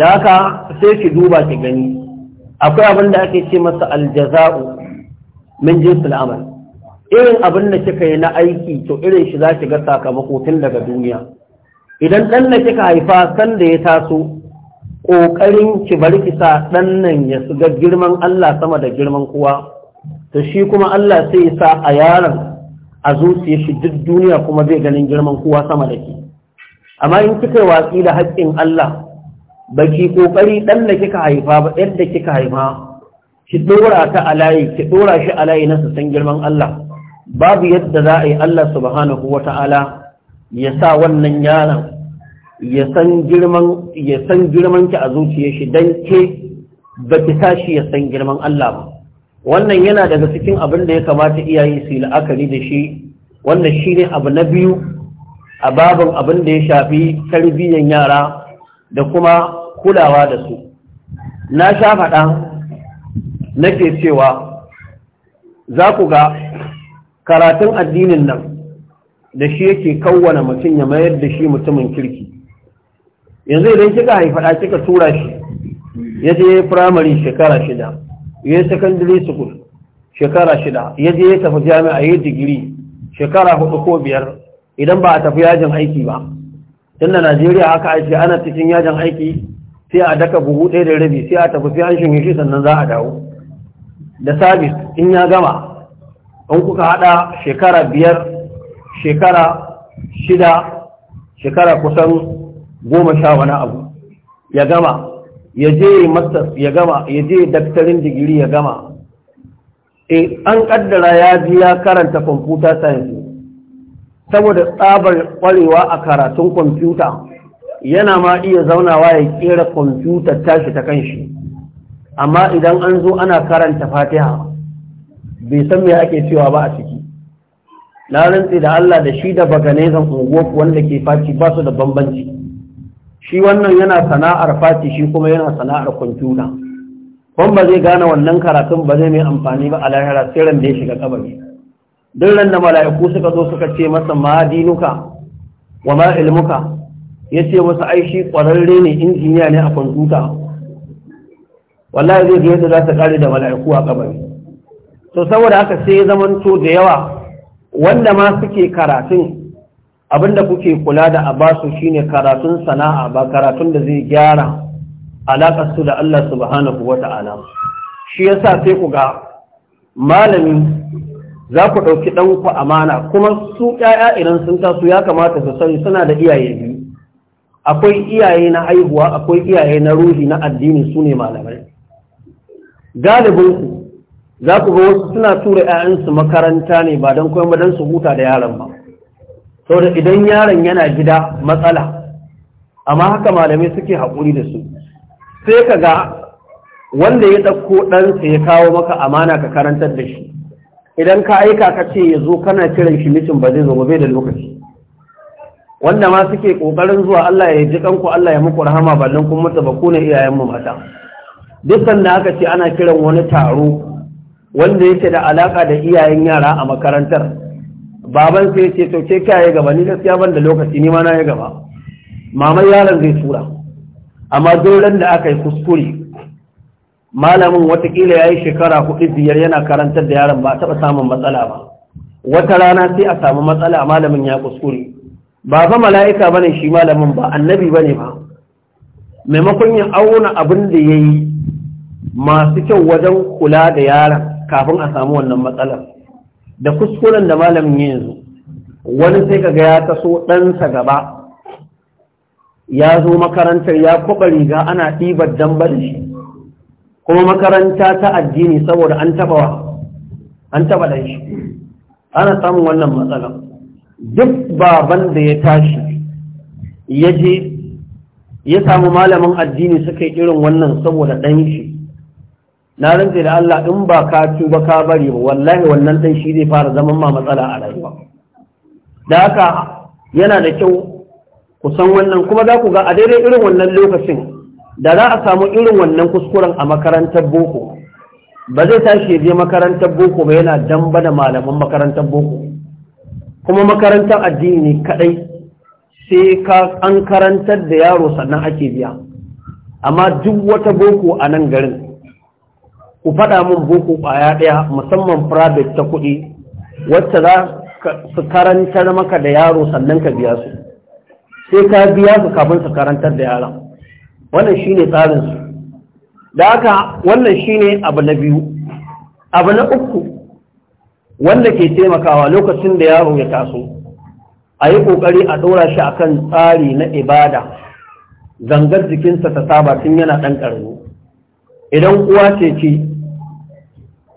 da haka sai ki duba ki gani akwai abin da ake ce masa aljaza'u min jinsul amal irin abin da kika yi na aiki to irin shi za ki ga sakamako tun daga duniya idan dan na kika haifa san da ya taso ƙoƙarin ki bari ki sa dan nan ya siga girman Allah sama da girman kowa to shi kuma Allah sai ya sa a yaron a zuciyar shi duk duniya kuma zai ganin girman kowa sama da ke amma in kika watsi da haƙƙin Allah baki kokari ɗan da kika haifa ba yadda kika haifa ki ɗora ta alayi ki ɗora shi alayi na san girman Allah babu yadda za a yi Allah subhanahu wa ta'ala ya sa wannan yaron ya san girman ki a zuciyar shi dan ke ba ki sa shi ya san girman Allah ba wannan yana daga cikin abin da ya kamata iyaye su yi la'akari da shi wannan ne abu na biyu a babin abin da ya shafi tarbiyyar yara da kuma kulawa da su na sha faɗa nake cewa za ku ga karatun addinin nan da shi yake kawwana mutum ya mayar da shi mutumin kirki yanzu idan kika haifaɗa kika tura shi ya je firamare shekara shida ya yi secondary school shekara shida ya je ya tafi jami'a ya yi digiri shekara hudu ko biyar idan ba a tafi yajin aiki ba tun da najeriya haka ake ana cikin yajin aiki sai a daka buhu ɗaya da rabi sai a tafi sai an shinge shi sannan za a dawo da sabis in ya gama in kuka haɗa shekara biyar shekara shida shekara kusan goma sha wani abu ya gama ya je masters ya gama ya je daktarin digiri ya gama eh, an kaddara ya ji ya karanta kwamfuta science saboda tsabar kwarewa a karatun kwamfuta yana ma iya zaunawa ya kera kwamfuta tashi ta kan shi amma idan an zo ana karanta fatiha bai san mai ake cewa ba a ciki na rantsi da Allah da shi da baganezan unguwa wanda ke faci ba su da bambanci shi wannan yana sana'ar faci shi kuma yana sana'ar kwamfuta Kwamba zai gane wannan karatun ba zai mai amfani ba a lahira sai da ya shiga kabari don ran da mala'iku suka zo suka ce masa ma dinuka wa ma ilmuka ya ce masa aishi ƙwararre ne injiniya ne a kwamfuta wallahi zai ga yadda za ta kare da mala'iku a kabari to saboda haka sai zamanto da yawa wanda ma suke karatun abinda kuke kula da a basu shine karatun sana'a ba karatun da zai gyara alaƙar su da Allah subhanahu wata'ala shi yasa sai ku ga malami za ku ɗauki ɗanku amana kuma su ƴaƴa idan sun taso ya kamata su sani suna da iyaye biyu akwai iyaye na haihuwa akwai iyaye na ruhi na addini su ne malamai galibin ku za ku ga wasu suna tura ‘ya'yansu makaranta ne ba don koyon don su huta da yaron ba saboda idan yaron yana gida matsala amma haka malamai suke haƙuri da su sai ka ga wanda ya ɗauko ɗansa ya kawo maka amana ka karantar da shi idan ka aika ka ce ya zo kana kiran shi mutum ba zai zo bai da lokaci wanda ma suke kokarin zuwa Allah ya ji kanku Allah ya muku rahama ballan kun mutu ba ku ne iyayen mu mata Duk sanda aka ce ana kiran wani taro wanda yake da alaka da iyayen yara a makarantar baban sai ya ce to ke kiyaye gaba ni gaskiya ban da lokaci ni ma na yi gaba maman yaron zai tura amma dole da aka yi kuskure malamin watakila ya yi shekara hudu biyar yana karantar da yaron ba taɓa samun matsala ba wata rana sai a samu matsala malamin ya kuskure ba fa mala'ika ba ne shi malamin ba annabi ba ne ba maimakon ya auna abin da ya yi masu kyau wajen kula da yaron kafin a samu wannan matsalar da kuskuren da malamin ya yanzu wani sai kaga ya taso ɗansa gaba ya zo makarantar ya kwaɓa riga ana ɗibar dambe da shi kuma makaranta ta addini saboda an taba an taba dan shi ana samun wannan matsala duk baban da ya tashi ya je ya samu malamin addini suka yi irin wannan saboda dan shi na rantse da Allah in ba ka tuba ka bari ba wallahi wannan dan shi zai fara zaman ma matsala a rayuwa da haka yana da kyau ku san wannan kuma za ku ga a daidai irin wannan lokacin da za a samu irin wannan kuskuren a makarantar boko ba zai tashi je makarantar boko ba yana damba da malaman makarantar boko kuma makarantar addini ne kadai sai ka an karantar da yaro sannan ake biya amma duk wata boko a nan garin ku faɗa min boko ƙwaya ɗaya musamman private ta kuɗi wacce za su karantar maka da yaro sannan ka biya su sai ka biya su kafin su karantar da yaron wannan shi tsarin su da haka wannan ne abu na biyu abu na uku wanda ke taimakawa lokacin da yaro ya taso a yi ƙoƙari a ɗora shi a kan tsari na ibada zangar jikinsa ta saba tun yana ɗan ƙarni idan uwa ce ce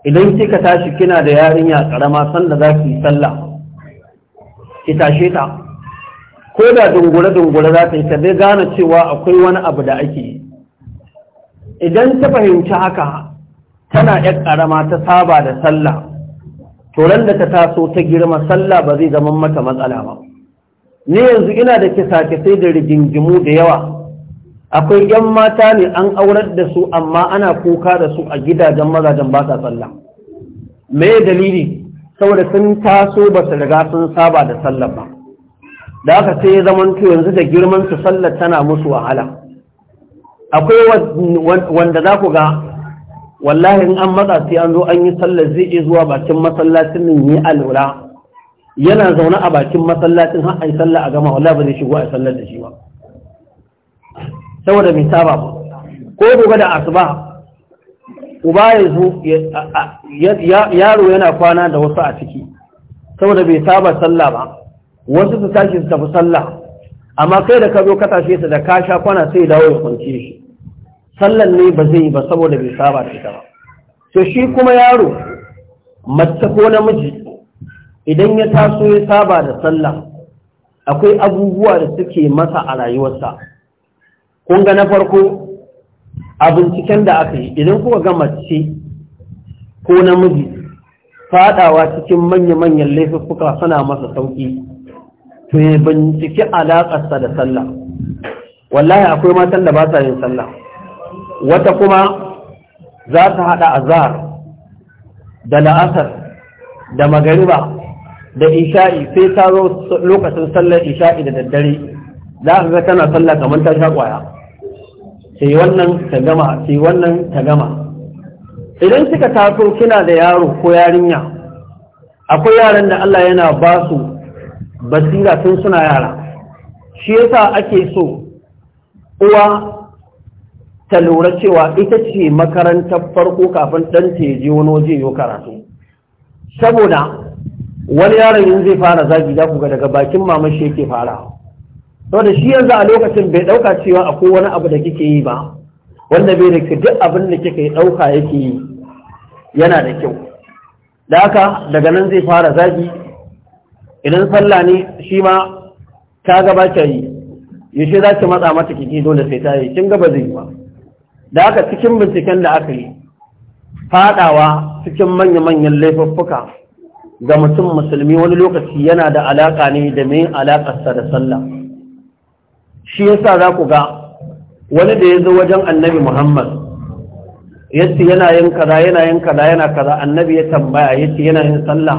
idan kika tashi kina da yarinya ƙarama sanda za ki yi sallah ki tashe ta ko da dungure-dungure za ta yi ta dai gane cewa akwai wani abu da ake yi idan ta fahimci haka tana ƴar ƙarama ta saba da sallah turan da ta taso ta girma sallah ba zai zama mata matsala ba ni yanzu ina da kisa-kisai da rigingimu da yawa akwai ‘yan mata ne an aurar da su amma ana kuka da su a gidajen mazajen ba sa sallah me dalili saboda sun taso ba su riga sun saba da sallah ba da aka sai ya zamanto yanzu da girman su sallar tana musu wahala akwai wanda za ku ga wallahi in an matsa sai an zo an yi sallar zai iya zuwa bakin masallacin nan yi alura yana zaune a bakin masallacin har ai sallar a gama wallahi ba zai shigo a sallar da shi ba saboda mai saba ba ko gobe da asuba uba ya zo yaro yana kwana da wasu a ciki saboda bai saba sallah ba wasu su tashi su tafi sallah amma kai da ka zo ka tashi su da ka sha kwana sai dawo ya kwance shi sallan ne ba zai yi ba saboda bai saba da ita ba to shi kuma yaro mace ko namiji idan ya taso ya saba da sallah akwai abubuwa da suke masa a rayuwarsa kun ga na farko a binciken da aka yi idan kuka ga mace ko namiji fadawa cikin manya-manyan laifuffuka suna masa sauki to yi binciki alaƙarsa da sallah wallahi akwai matan da ba sa yin sallah wata kuma za ta haɗa Azar, da la'asar da magariba da isha'i sai ta zo lokacin sallar isha'i da daddare za ka ga tana sallah kamar ta sha ƙwaya sai wannan ta gama sai wannan ta gama idan kika taso kina da yaro ko yarinya akwai yaran da Allah yana ba su basira tun suna yara shi yasa ake so uwa ta lura cewa ita ce makarantar farko kafin ɗan je wani waje yau karatu saboda wani yaron yin zai fara zagi ku ga daga bakin mama shi yake fara saboda shi yanzu a lokacin bai ɗauka cewa akwai wani abu da kike yi ba wanda bai da duk abin da kika yi ɗauka yake yi yana da kyau da haka daga nan zai fara zagi idan sallah ne shi ma ta gaba ta yi yaushe za ki matsa mata kiki dole sai ta yi kin gaba zai yi ba da haka cikin binciken da aka yi fadawa cikin manya-manyan laifuffuka ga mutum musulmi wani lokaci yana da alaka ne da mai alakarsa da sallah shi yasa za ku ga wani da ya zo wajen annabi muhammad yace yana yin kaza yana yin kaza yana kaza annabi ya tambaya yace yana yin sallah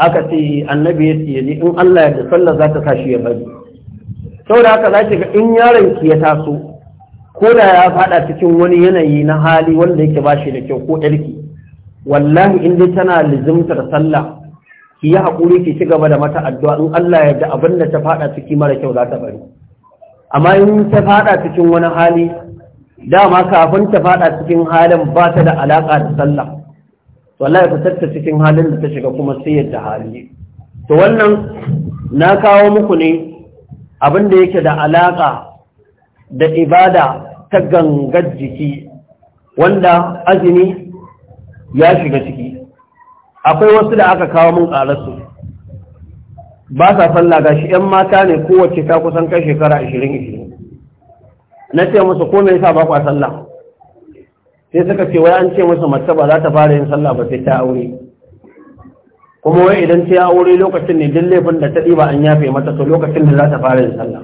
aka ce annabi ya ce ni in Allah ya da sallah za ta kashi ya bari saboda haka za ki ga in yaron ki ya taso ko da ya faɗa cikin wani yanayi na hali wanda yake ba shi da kyau ko ɗarki wallahi in dai tana lizimtar sallah ki yi haƙuri ki ci gaba da mata addu'a in Allah ya da abin da ta faɗa ciki mara kyau za ta bari amma in ta faɗa cikin wani hali dama kafin ta faɗa cikin halin ba ta da alaƙa da sallah wallahi fitarta cikin halin da ta shiga kuma sai ya hali to wannan na kawo muku ne abin da yake da alaka da ibada ta gangar jiki wanda azumi ya shiga ciki akwai wasu da aka kawo mun ƙararsu ba sa sallah ga shi 'yan mata ne kowace ta kusan kai shekara 20-20 na ce musu ko me yasa ba kwa sallah sai suka ce wai an ce masa mace ba za ta fara yin sallah ba sai ta aure kuma wai idan ta aure lokacin ne duk laifin da ta ɗiba an yafe mata to lokacin da za ta fara yin sallah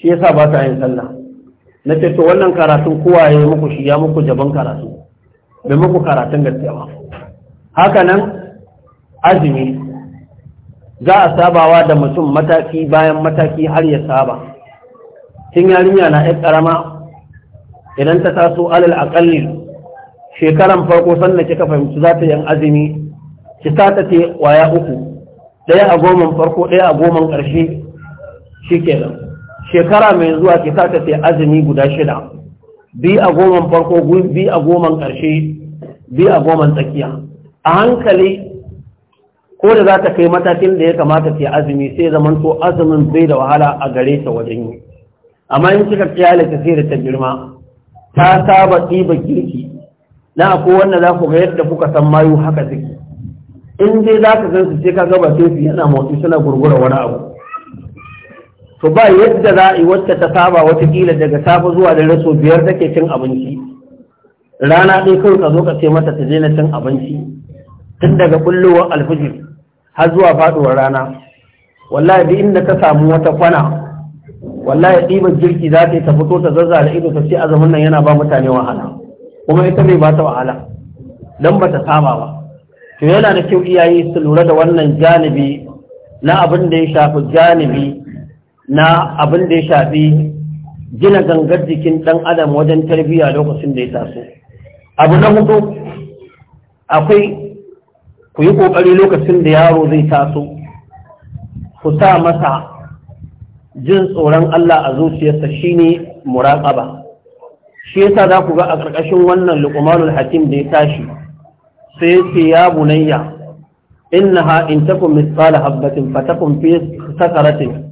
shi yasa ba ta yin sallah na ce to wannan karatun kowa ya yi muku shi ya muku jaban karatu bai muku karatun gaskiya ba haka nan azumi za a sabawa da mutum mataki bayan mataki har ya saba tun yarinya na ƴar ƙarama idan ta taso alal aƙalli shekaran farko sannan kika fahimci za ta yin azumi ki sa ta ce ƙwaya uku ɗaya a goman farko ɗaya a goman ƙarshe shi kenan shekara mai zuwa ki sa ta ce azumi guda shida bi a goman farko bi a goman ƙarshe bi a goman tsakiya a hankali ko da za ta kai matakin da ya kamata ta azumi sai zaman to azumin bai da wahala a gare ta wajen yi amma in kika kiyale ta sai da ta girma ta saba tsiba kirki na ko wanda za ku ga yadda kuka san mayu haka suke in dai za ka gansu su sai ka gaba sai yana motsi suna gurgura wani abu to ba yadda za a yi wacce ta saba wata watakila daga safe zuwa da rasu biyar take cin abinci rana ɗaya kawai ka zo ka ce mata ta je na cin abinci tun daga kullowar alfijir har zuwa faɗuwar rana wallahi da inda ka samu wata kwana wallahi ɗibar girki za ta yi ta fito ta zazza da ido ta ce azumin nan yana ba mutane wahala kuma ita bai ba ta wahala don ba ta saba ba to yana da kyau iyaye su lura da wannan janibi na abin da ya shafi janibi na abin da ya shafi gina gangar jikin ɗan adam wajen tarbiyya lokacin da ya taso abu na hudu akwai ku yi ƙoƙari lokacin da yaro zai taso ku sa masa jin tsoron Allah a zuciyarsa shine muraƙaba. shi yasa za ku ga a ƙarƙashin wannan luqmanul hakim da ya tashi sai ya ce ya bunayya innaha in takum mithqala habatin fatakum fi sakaratin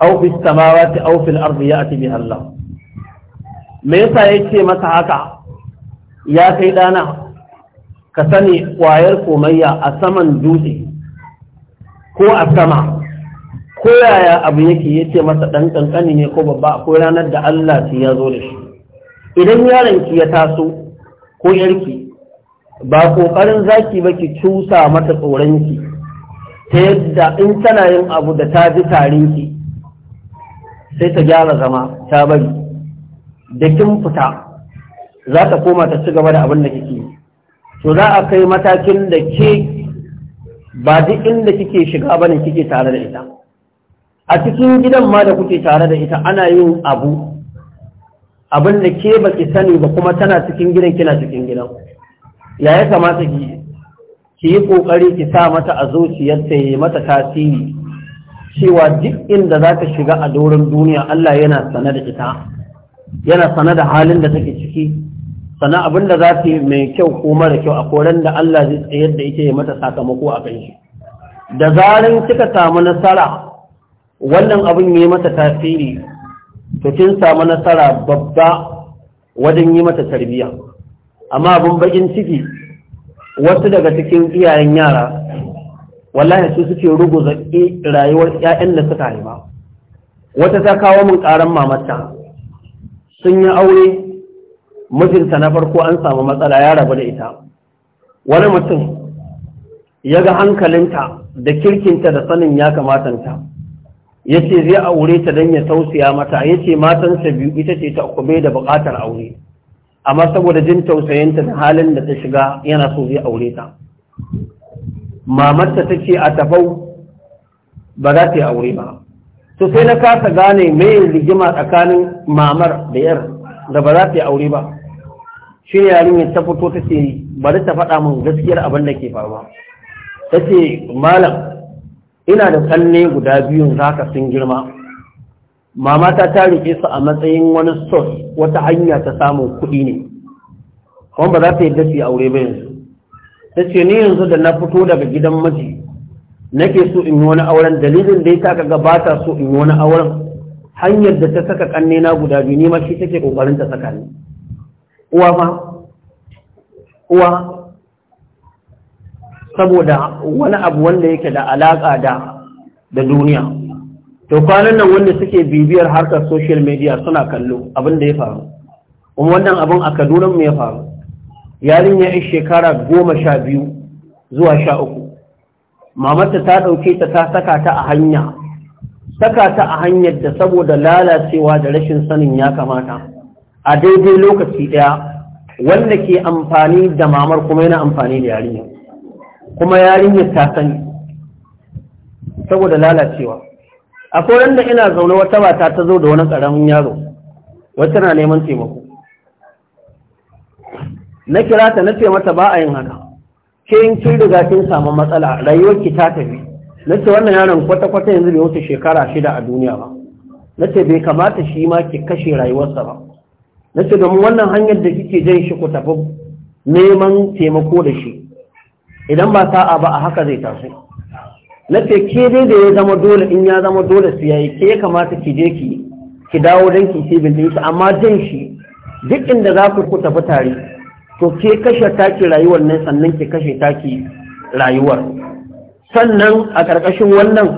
aw fi samawati aw fil ardi ya'ti biha Allah me yasa ce masa haka ya kai dana ka sani wayar komayya a saman dutse ko a sama ko yaya abu yake yace masa ɗan ƙanƙani ne ko babba ko ranar da Allah su ya zo da shi idan yaron ki ya taso ko yarki ba ƙoƙarin zaki ba ki cusa mata tsoronki. ta yadda in tana yin abu da ta ji tarin ki sai ta gyara zama ta bari da kin fita za ta koma ta ci gaba da abin da kike to za a kai matakin da ke ba duk inda kike shiga bane kike tare da ita a cikin gidan ma da kuke tare da ita ana yin abu abin da ke baki sani ba kuma tana cikin gidan kina cikin gidan ya ya kamata ki ki yi kokari ki sa mata a zuciyarta yi mata tasiri cewa duk inda za ta shiga a doron duniya Allah yana sane da ita yana sane da halin da take ciki sana abin da za ta yi mai kyau ko mara kyau a koren da Allah zai tsayar da ita ya mata sakamako a kan shi da zarin kika samu nasara wannan abin yi mata tasiri to kin samu nasara babba wajen yi mata tarbiyya amma abin bakin ciki wasu daga cikin iyayen yara wallahi su suke ruguza rayuwar ƴaƴan da suka haifa wata ta kawo min ƙaran mamata sun yi aure mijinta na farko an samu matsala ya rabu da ita wani mutum ya ga hankalinta da kirkinta da sanin ya kamatanta ya ce zai aure ta don ya tausaya mata ya ce matansa biyu ita ce ta kube da buƙatar aure amma saboda jin tausayinta da halin da ta shiga yana so zai aure ta mamarta ta ce a tafau ba za ta yi aure ba to sai na kasa gane mai rigima tsakanin mamar da yar da ba za ta yi aure ba shi ne yarin ta fito ta ce bari ta faɗa min gaskiyar abin da ke faruwa ta ce malam ina da kanne guda biyun zaka sun girma mamata ta rike su a matsayin wani source wata hanya ta samun kuɗi ne kuma ba za ta yadda su yi aure ba yanzu ta ce ni yanzu da na fito daga gidan miji nake so in yi wani auren dalilin da ya taka gabata so in yi wani auren hanyar da ta saka kanne na guda biyu ma shi take kokarin ta saka ni uwa ma uwa saboda wani abu wanda yake da alaƙa da da duniya to kwanan nan wanda suke bibiyar harkar social media suna kallo abin da ya faru kuma wannan abin a kaduna mu ya faru yarinya ya shekara goma sha biyu zuwa sha uku mamarta ta ɗauke ta ta saka ta a hanya saka ta a hanyar da saboda lalacewa da rashin sanin ya kamata a daidai lokaci ɗaya wanda ke amfani da mamar kuma yana amfani da yarinya kuma yarinyar ta sani saboda lalacewa akwai da ina zaune wata bata ta zo da wani ƙaramin yaro wacce na neman taimako na kira ta na ce mata ba a yin haka ke yin kin riga kin samu matsala rayuwar ki ta tafi na ce wannan yaron kwata-kwata yanzu bai wuce shekara shida a duniya ba na ce bai kamata shi ma ki kashe rayuwarsa ba na ce domin wannan hanyar da kike jan shi ku tafi neman taimako da shi idan ba sa'a ba a haka zai taso na ce ke dai da ya zama dole in ya zama dole su yayi ke ya kamata ki je ki ki dawo don ki ce bin shi amma jin shi duk inda za ku tafi tare to ke kashe taki rayuwar nan sannan ke kashe taki rayuwar sannan a ƙarƙashin wannan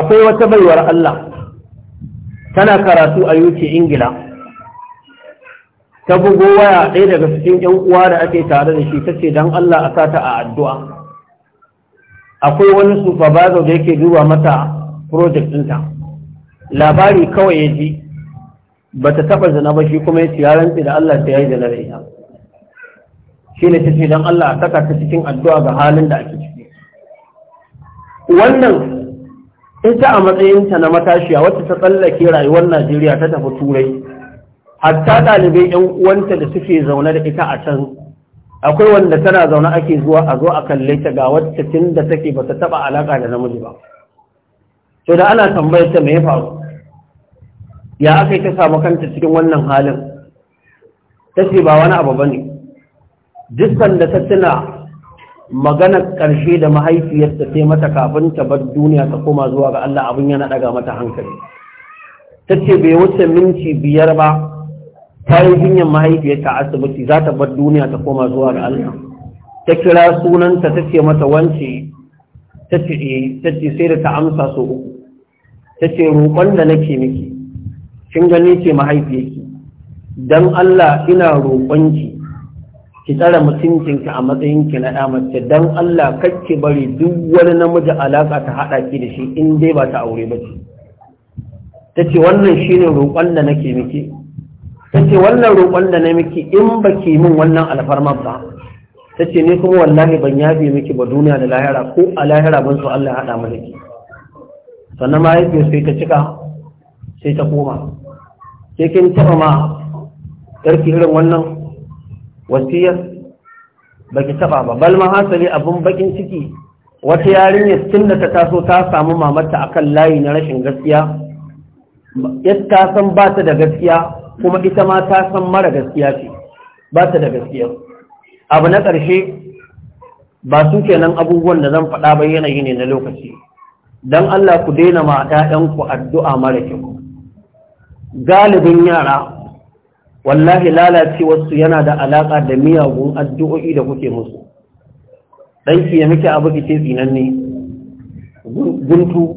akwai wata baiwar Allah tana karatu a UK Ingila ta bugo waya ɗaya daga cikin yan uwa da ake tare da shi ta ce don Allah a sata a addu'a akwai wani supervisor da yake duba mata project ɗinta labari kawai ya ji ba ta taɓa zina ba shi kuma ya ce ya rantsi da Allah ta yi da lare ya shi ne ta ce don Allah a saka ta cikin addu'a ga halin da ake ciki wannan ita a matsayinta na matashiya wacce ta tsallake rayuwar najeriya ta tafi turai hatta ɗalibai ‘yan uwanta da suke zaune da ita a can akwai wanda tana zaune ake zuwa a zo a kalle ta ga wacce tun da take ba ta taɓa da namiji ba to da ana tambayar ta me ya faru ya aka yi ta samu kanta cikin wannan halin ta ce ba wani abu bane ne dukkan da ta tuna maganar ƙarshe da mahaifiyarta sai mata kafin ta bar duniya ta koma zuwa ga Allah abin yana ɗaga mata hankali ta ce bai wuce minti biyar ba ta yi jinyar mahaifiyarta asibiti za ta bar duniya ta koma zuwa ga Allah ta kira sunanta ta ce mata wance ta ce eh, sai da ta amsa so uku ta ce roƙon da nake miki kin gani ce mahaifiyarki don Allah ina roƙonki ki tsara mutuncinki a matsayin ki na ɗa mace don Allah kake bari duk wani namiji alaka ta haɗa ki da shi in dai ba ta aure ba ce ta ce wannan shine roƙon da nake miki ta ce wannan roƙon da na miki in ba ki min wannan alfarma ba ta ce ne kuma wallahi ban yafe miki ba duniya da lahira ko a lahira ban so Allah haɗa mana ki sannan ma yake sai ta cika sai ta koma sai kin taɓa ma ɗarki irin wannan wasiyar ba ki taɓa ba bal ma hasali abin bakin ciki wata yarinyar tun da ta taso ta samu mamata akan layi na rashin gaskiya yadda ta san ba ta da gaskiya kuma ita ma ta san mara gaskiya ce ba ta da gaskiya abu na ƙarshe ba su kenan abubuwan da zan faɗa ba yanayi ne na lokaci don Allah ku daina ma ku addu'a mara kyau galibin yara wallahi lalacewarsu yana da alaƙa da miyagun addu'o'i da kuke musu ɗanki ya muke abu ke ce guntu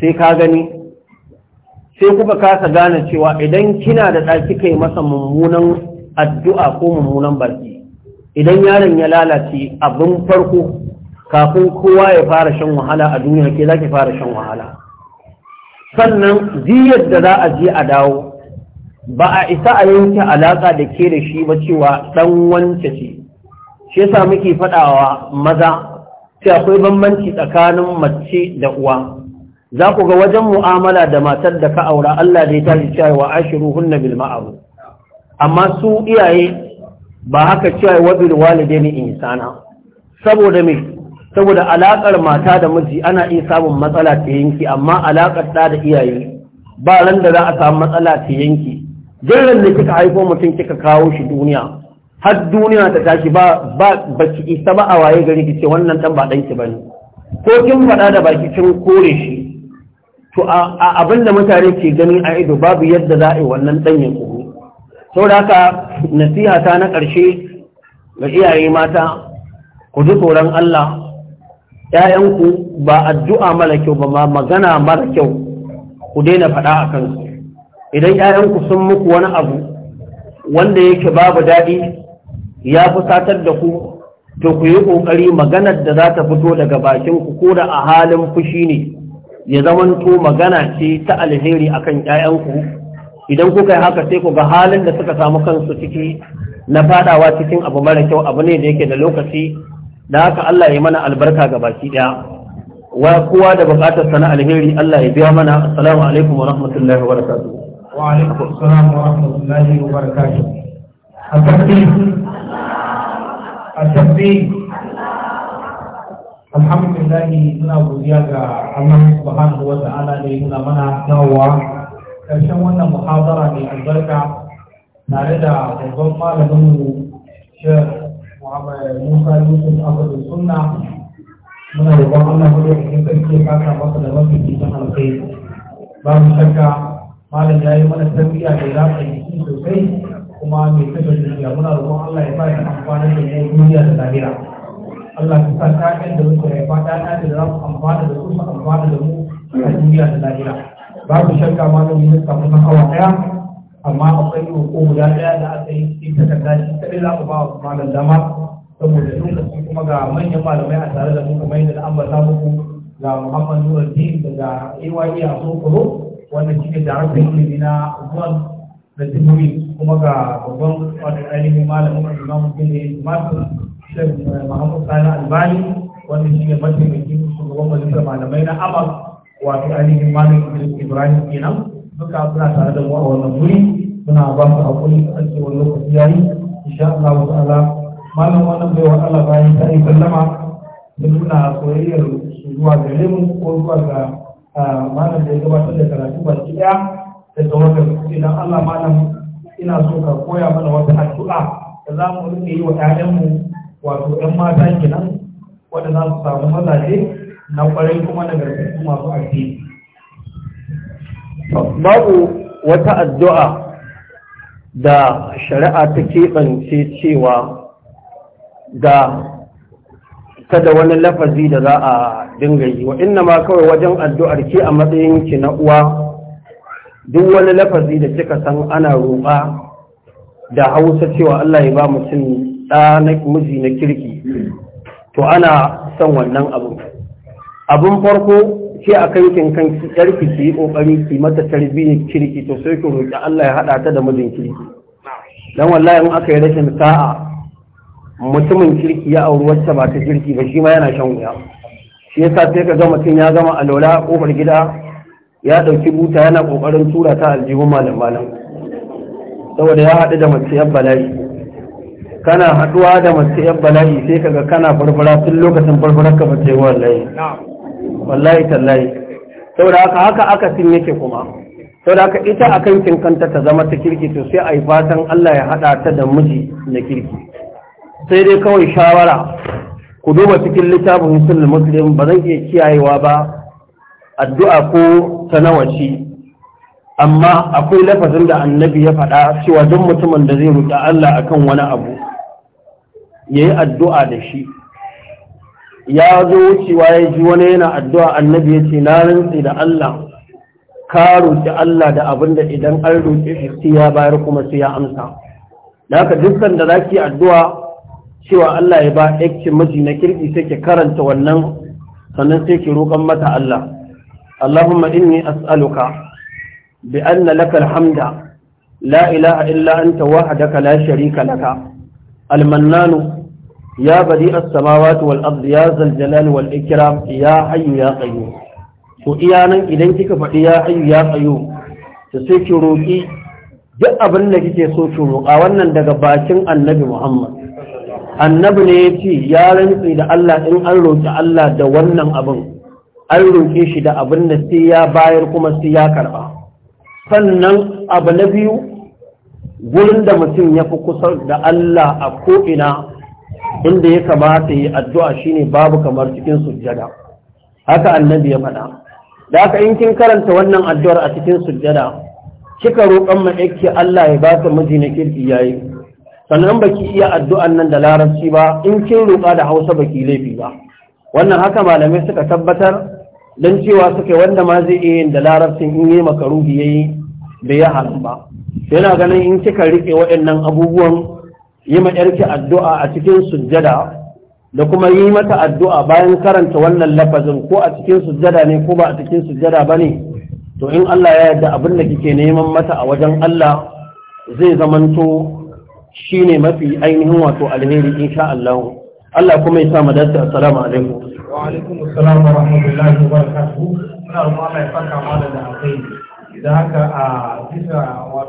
sai ka gani sai kuka kasa gane cewa idan kina da ɗaki kai masa mummunan addu'a ko mummunan barci idan yaron ya lalace abin farko kafin kowa ya fara shan wahala a duniya ke zaki fara shan wahala sannan ziyar da za a je a dawo ba a isa a yanke alaƙa da ke da shi ba cewa ɗan wance ce shi yasa muke faɗawa maza sai akwai bambanci tsakanin mace da uwa za ku ga wajen mu'amala da matar da ka aura Allah zai tashi cewa ashiru hunna bil ma'ruf amma su iyaye ba haka cewa wa bil walidaini insana saboda me saboda alakar mata da miji ana iya samun matsala ta yanki amma alakar da da iyaye ba ran da za a samu matsala ta yanki jirgin da kika haifo mutum kika kawo shi duniya har duniya ta tashi ba ba ki isa ba a waye gari ki ce wannan dan ba danki bane ko kin faɗa da baki kin kore shi to a abin da mutane ke gani a ido babu yadda za a yi wannan ɗanyen kuhu sau da haka nasiha ta na ƙarshe ga iyaye mata ku ji tsoron Allah ‘ya'yanku ba addu'a mara kyau ba magana mara kyau ku daina faɗa a kansu idan ‘ya'yanku sun muku wani abu wanda yake babu daɗi ya fi satar da ku to ku yi ƙoƙari maganar da za ta fito daga bakinku ko da a halin fushi ne ya zamanto magana ce ta alheri akan ƴaƴanku idan kuka yi haka sai ku ga halin da suka samu kansu ciki na fadawa cikin abu mara kyau abu ne da yake da lokaci da haka Allah ya mana albarka ga baki ɗaya. wa kowa da bukatar sana alheri Allah ya biya mana assalamu alaikum wa rahmatullahi wa barakatuh wa alaikum wa rahmatullahi wa barakatuh a a tabbi alhamdulillah muna godiya ga Allah subhanahu wa ta'ala da ya nuna mana dawowa karshen wannan muhadara mai albarka tare da babban malamin mu Sheikh Muhammad Musa Yusuf Abdul Sunna muna roƙon Allah ya yi sarki ya kasa masa da mafi cikin alkhairi babu shakka malam ya yi mana tarbiyya da ya jiki sosai kuma mai kashe duniya muna roƙon Allah ya sa ya amfana da mu duniya da lahira Allah ya sa kayan da muka ya ɗana da za ku amfana da su amfana da mu a duniya da lahira babu shakka ma da mun samu na hawa ɗaya amma akwai roƙo guda ɗaya da aka yi shi takarda shi kaɗai za mu ba wa malam dama saboda lokaci kuma ga manyan malamai a tare da mu kamar yadda an bata muku ga Muhammad Nuruddin ga AYE a e Sokoro wanda shi da daraktan ilimi na Usman da Tiburi kuma ga babban wato ainihin malamin Imam Bin Masu shan Muhammad Sani Albani wanda shi ne mataimakin shugaban majalisar malamai na Amal wato ainihin Malam Ibrahim kenan duka suna tare da mu a wannan wuri muna ba su hakuri a cikin lokaci yayi insha Allah ta'ala malam wannan bai wa Allah bayan ta yi sallama da nuna soyayyar zuwa gare mu ko zuwa ga malam da ya gabatar da karatu baki daya da tawakkal idan Allah malam ina so ka koya mana wata addu'a da za mu rike yi wa mu. wato ‘yan mata kenan wadda za su samu mazaje na kwarai kuma na gargaɗi masu addini. Babu wata addu'a da shari'a ta keɓance cewa ga ta da wani lafazi da za a dinga yi wa inna ma kawai wajen addu'ar ke a matsayin ki na uwa duk wani lafazi da kika san ana roƙa da hausa cewa Allah ya ba mutum ɗa na miji na kirki to ana son wannan abu abun farko ke a kankin kan yarki ki yi kokari ki mata tarbiyya kirki to sai ki roki Allah ya haɗa ta da mijin kirki dan wallahi in aka yi rashin sa'a mutumin kirki ya auri wacce ba ta kirki ba shi ma yana shan wuya shi yasa sai ka ga mutum ya gama alola kofar gida ya ɗauki buta yana kokarin tura ta aljihun malam malam saboda ya haɗu da mace ya bala'i kana haduwa da masu yan bala'i sai kaga kana farfara tun lokacin farfarar ka bace wallahi wallahi tallahi saboda haka haka aka sin yake kuma saboda haka ita akan kinkanta ta zama ta kirki to sai ai fatan Allah ya hada ta da miji na kirki sai dai kawai shawara ku duba cikin littafin sunan muslim ba zan iya kiyayewa ba addu'a ko tanawaci amma akwai lafazin da annabi ya faɗa cewa duk mutumin da zai roƙi Allah akan wani abu ya yi addu'a da shi ya zo wucewa ya ji wani yana addu'a annabi ya ce na rantsi da Allah ka roƙi Allah da abin da idan an roƙe shi sai ya bayar kuma sai ya amsa da haka dukkan da za ki addu'a cewa Allah ya ba yakin miji na kirki sai ki karanta wannan sannan sai ki roƙon mata Allah Allahumma inni as'aluka bi anna lakal alhamda la ilaha illa anta wahdaka la sharika laka al-mannanu ya bari السماوات samawati wal ذا ya zal يا حي يا ya hayyu ya iya nan idan kika faɗi ya hayyu ya qayyum to sai ki roƙi duk abin da kike so ki roƙa wannan daga bakin annabi Muhammad annabi ne ya ce ya rantsi da Allah in an roƙi Allah da wannan abin an roƙe shi da abin da sai ya bayar kuma sai ya karɓa sannan abu na biyu gurin da mutum ya fi kusa da Allah a ko'ina inda ya kamata yi addu'a shine babu kamar cikin sujjada haka annabi ya faɗa da aka in kin karanta wannan addu'ar a cikin sujjada kika roƙon ma yake Allah ya baka miji na kirki ya yi sannan baki iya addu'an nan da larabci ba in kin roƙa da Hausa baki laifi ba wannan haka malamai suka tabbatar don cewa suke wanda ma zai iya yin da larabcin in yi makaruhi yayi bai ya haram ba yana ganin in kika riƙe waɗannan abubuwan yi ma yarki addu'a a cikin sujjada da kuma yi mata addu'a bayan karanta wannan lafazin ko a cikin sujjada ne ko ba a cikin sujjada ba ne to in Allah ya yarda abin da kike neman mata a wajen Allah zai zamanto shi ne mafi ainihin wato alheri in sha Allah Allah kuma ya sa mu dace assalamu alaikum wa alaikum assalam wa rahmatullahi wa barakatuh muna roƙon Allah ya saka mana da alheri idan haka a bisa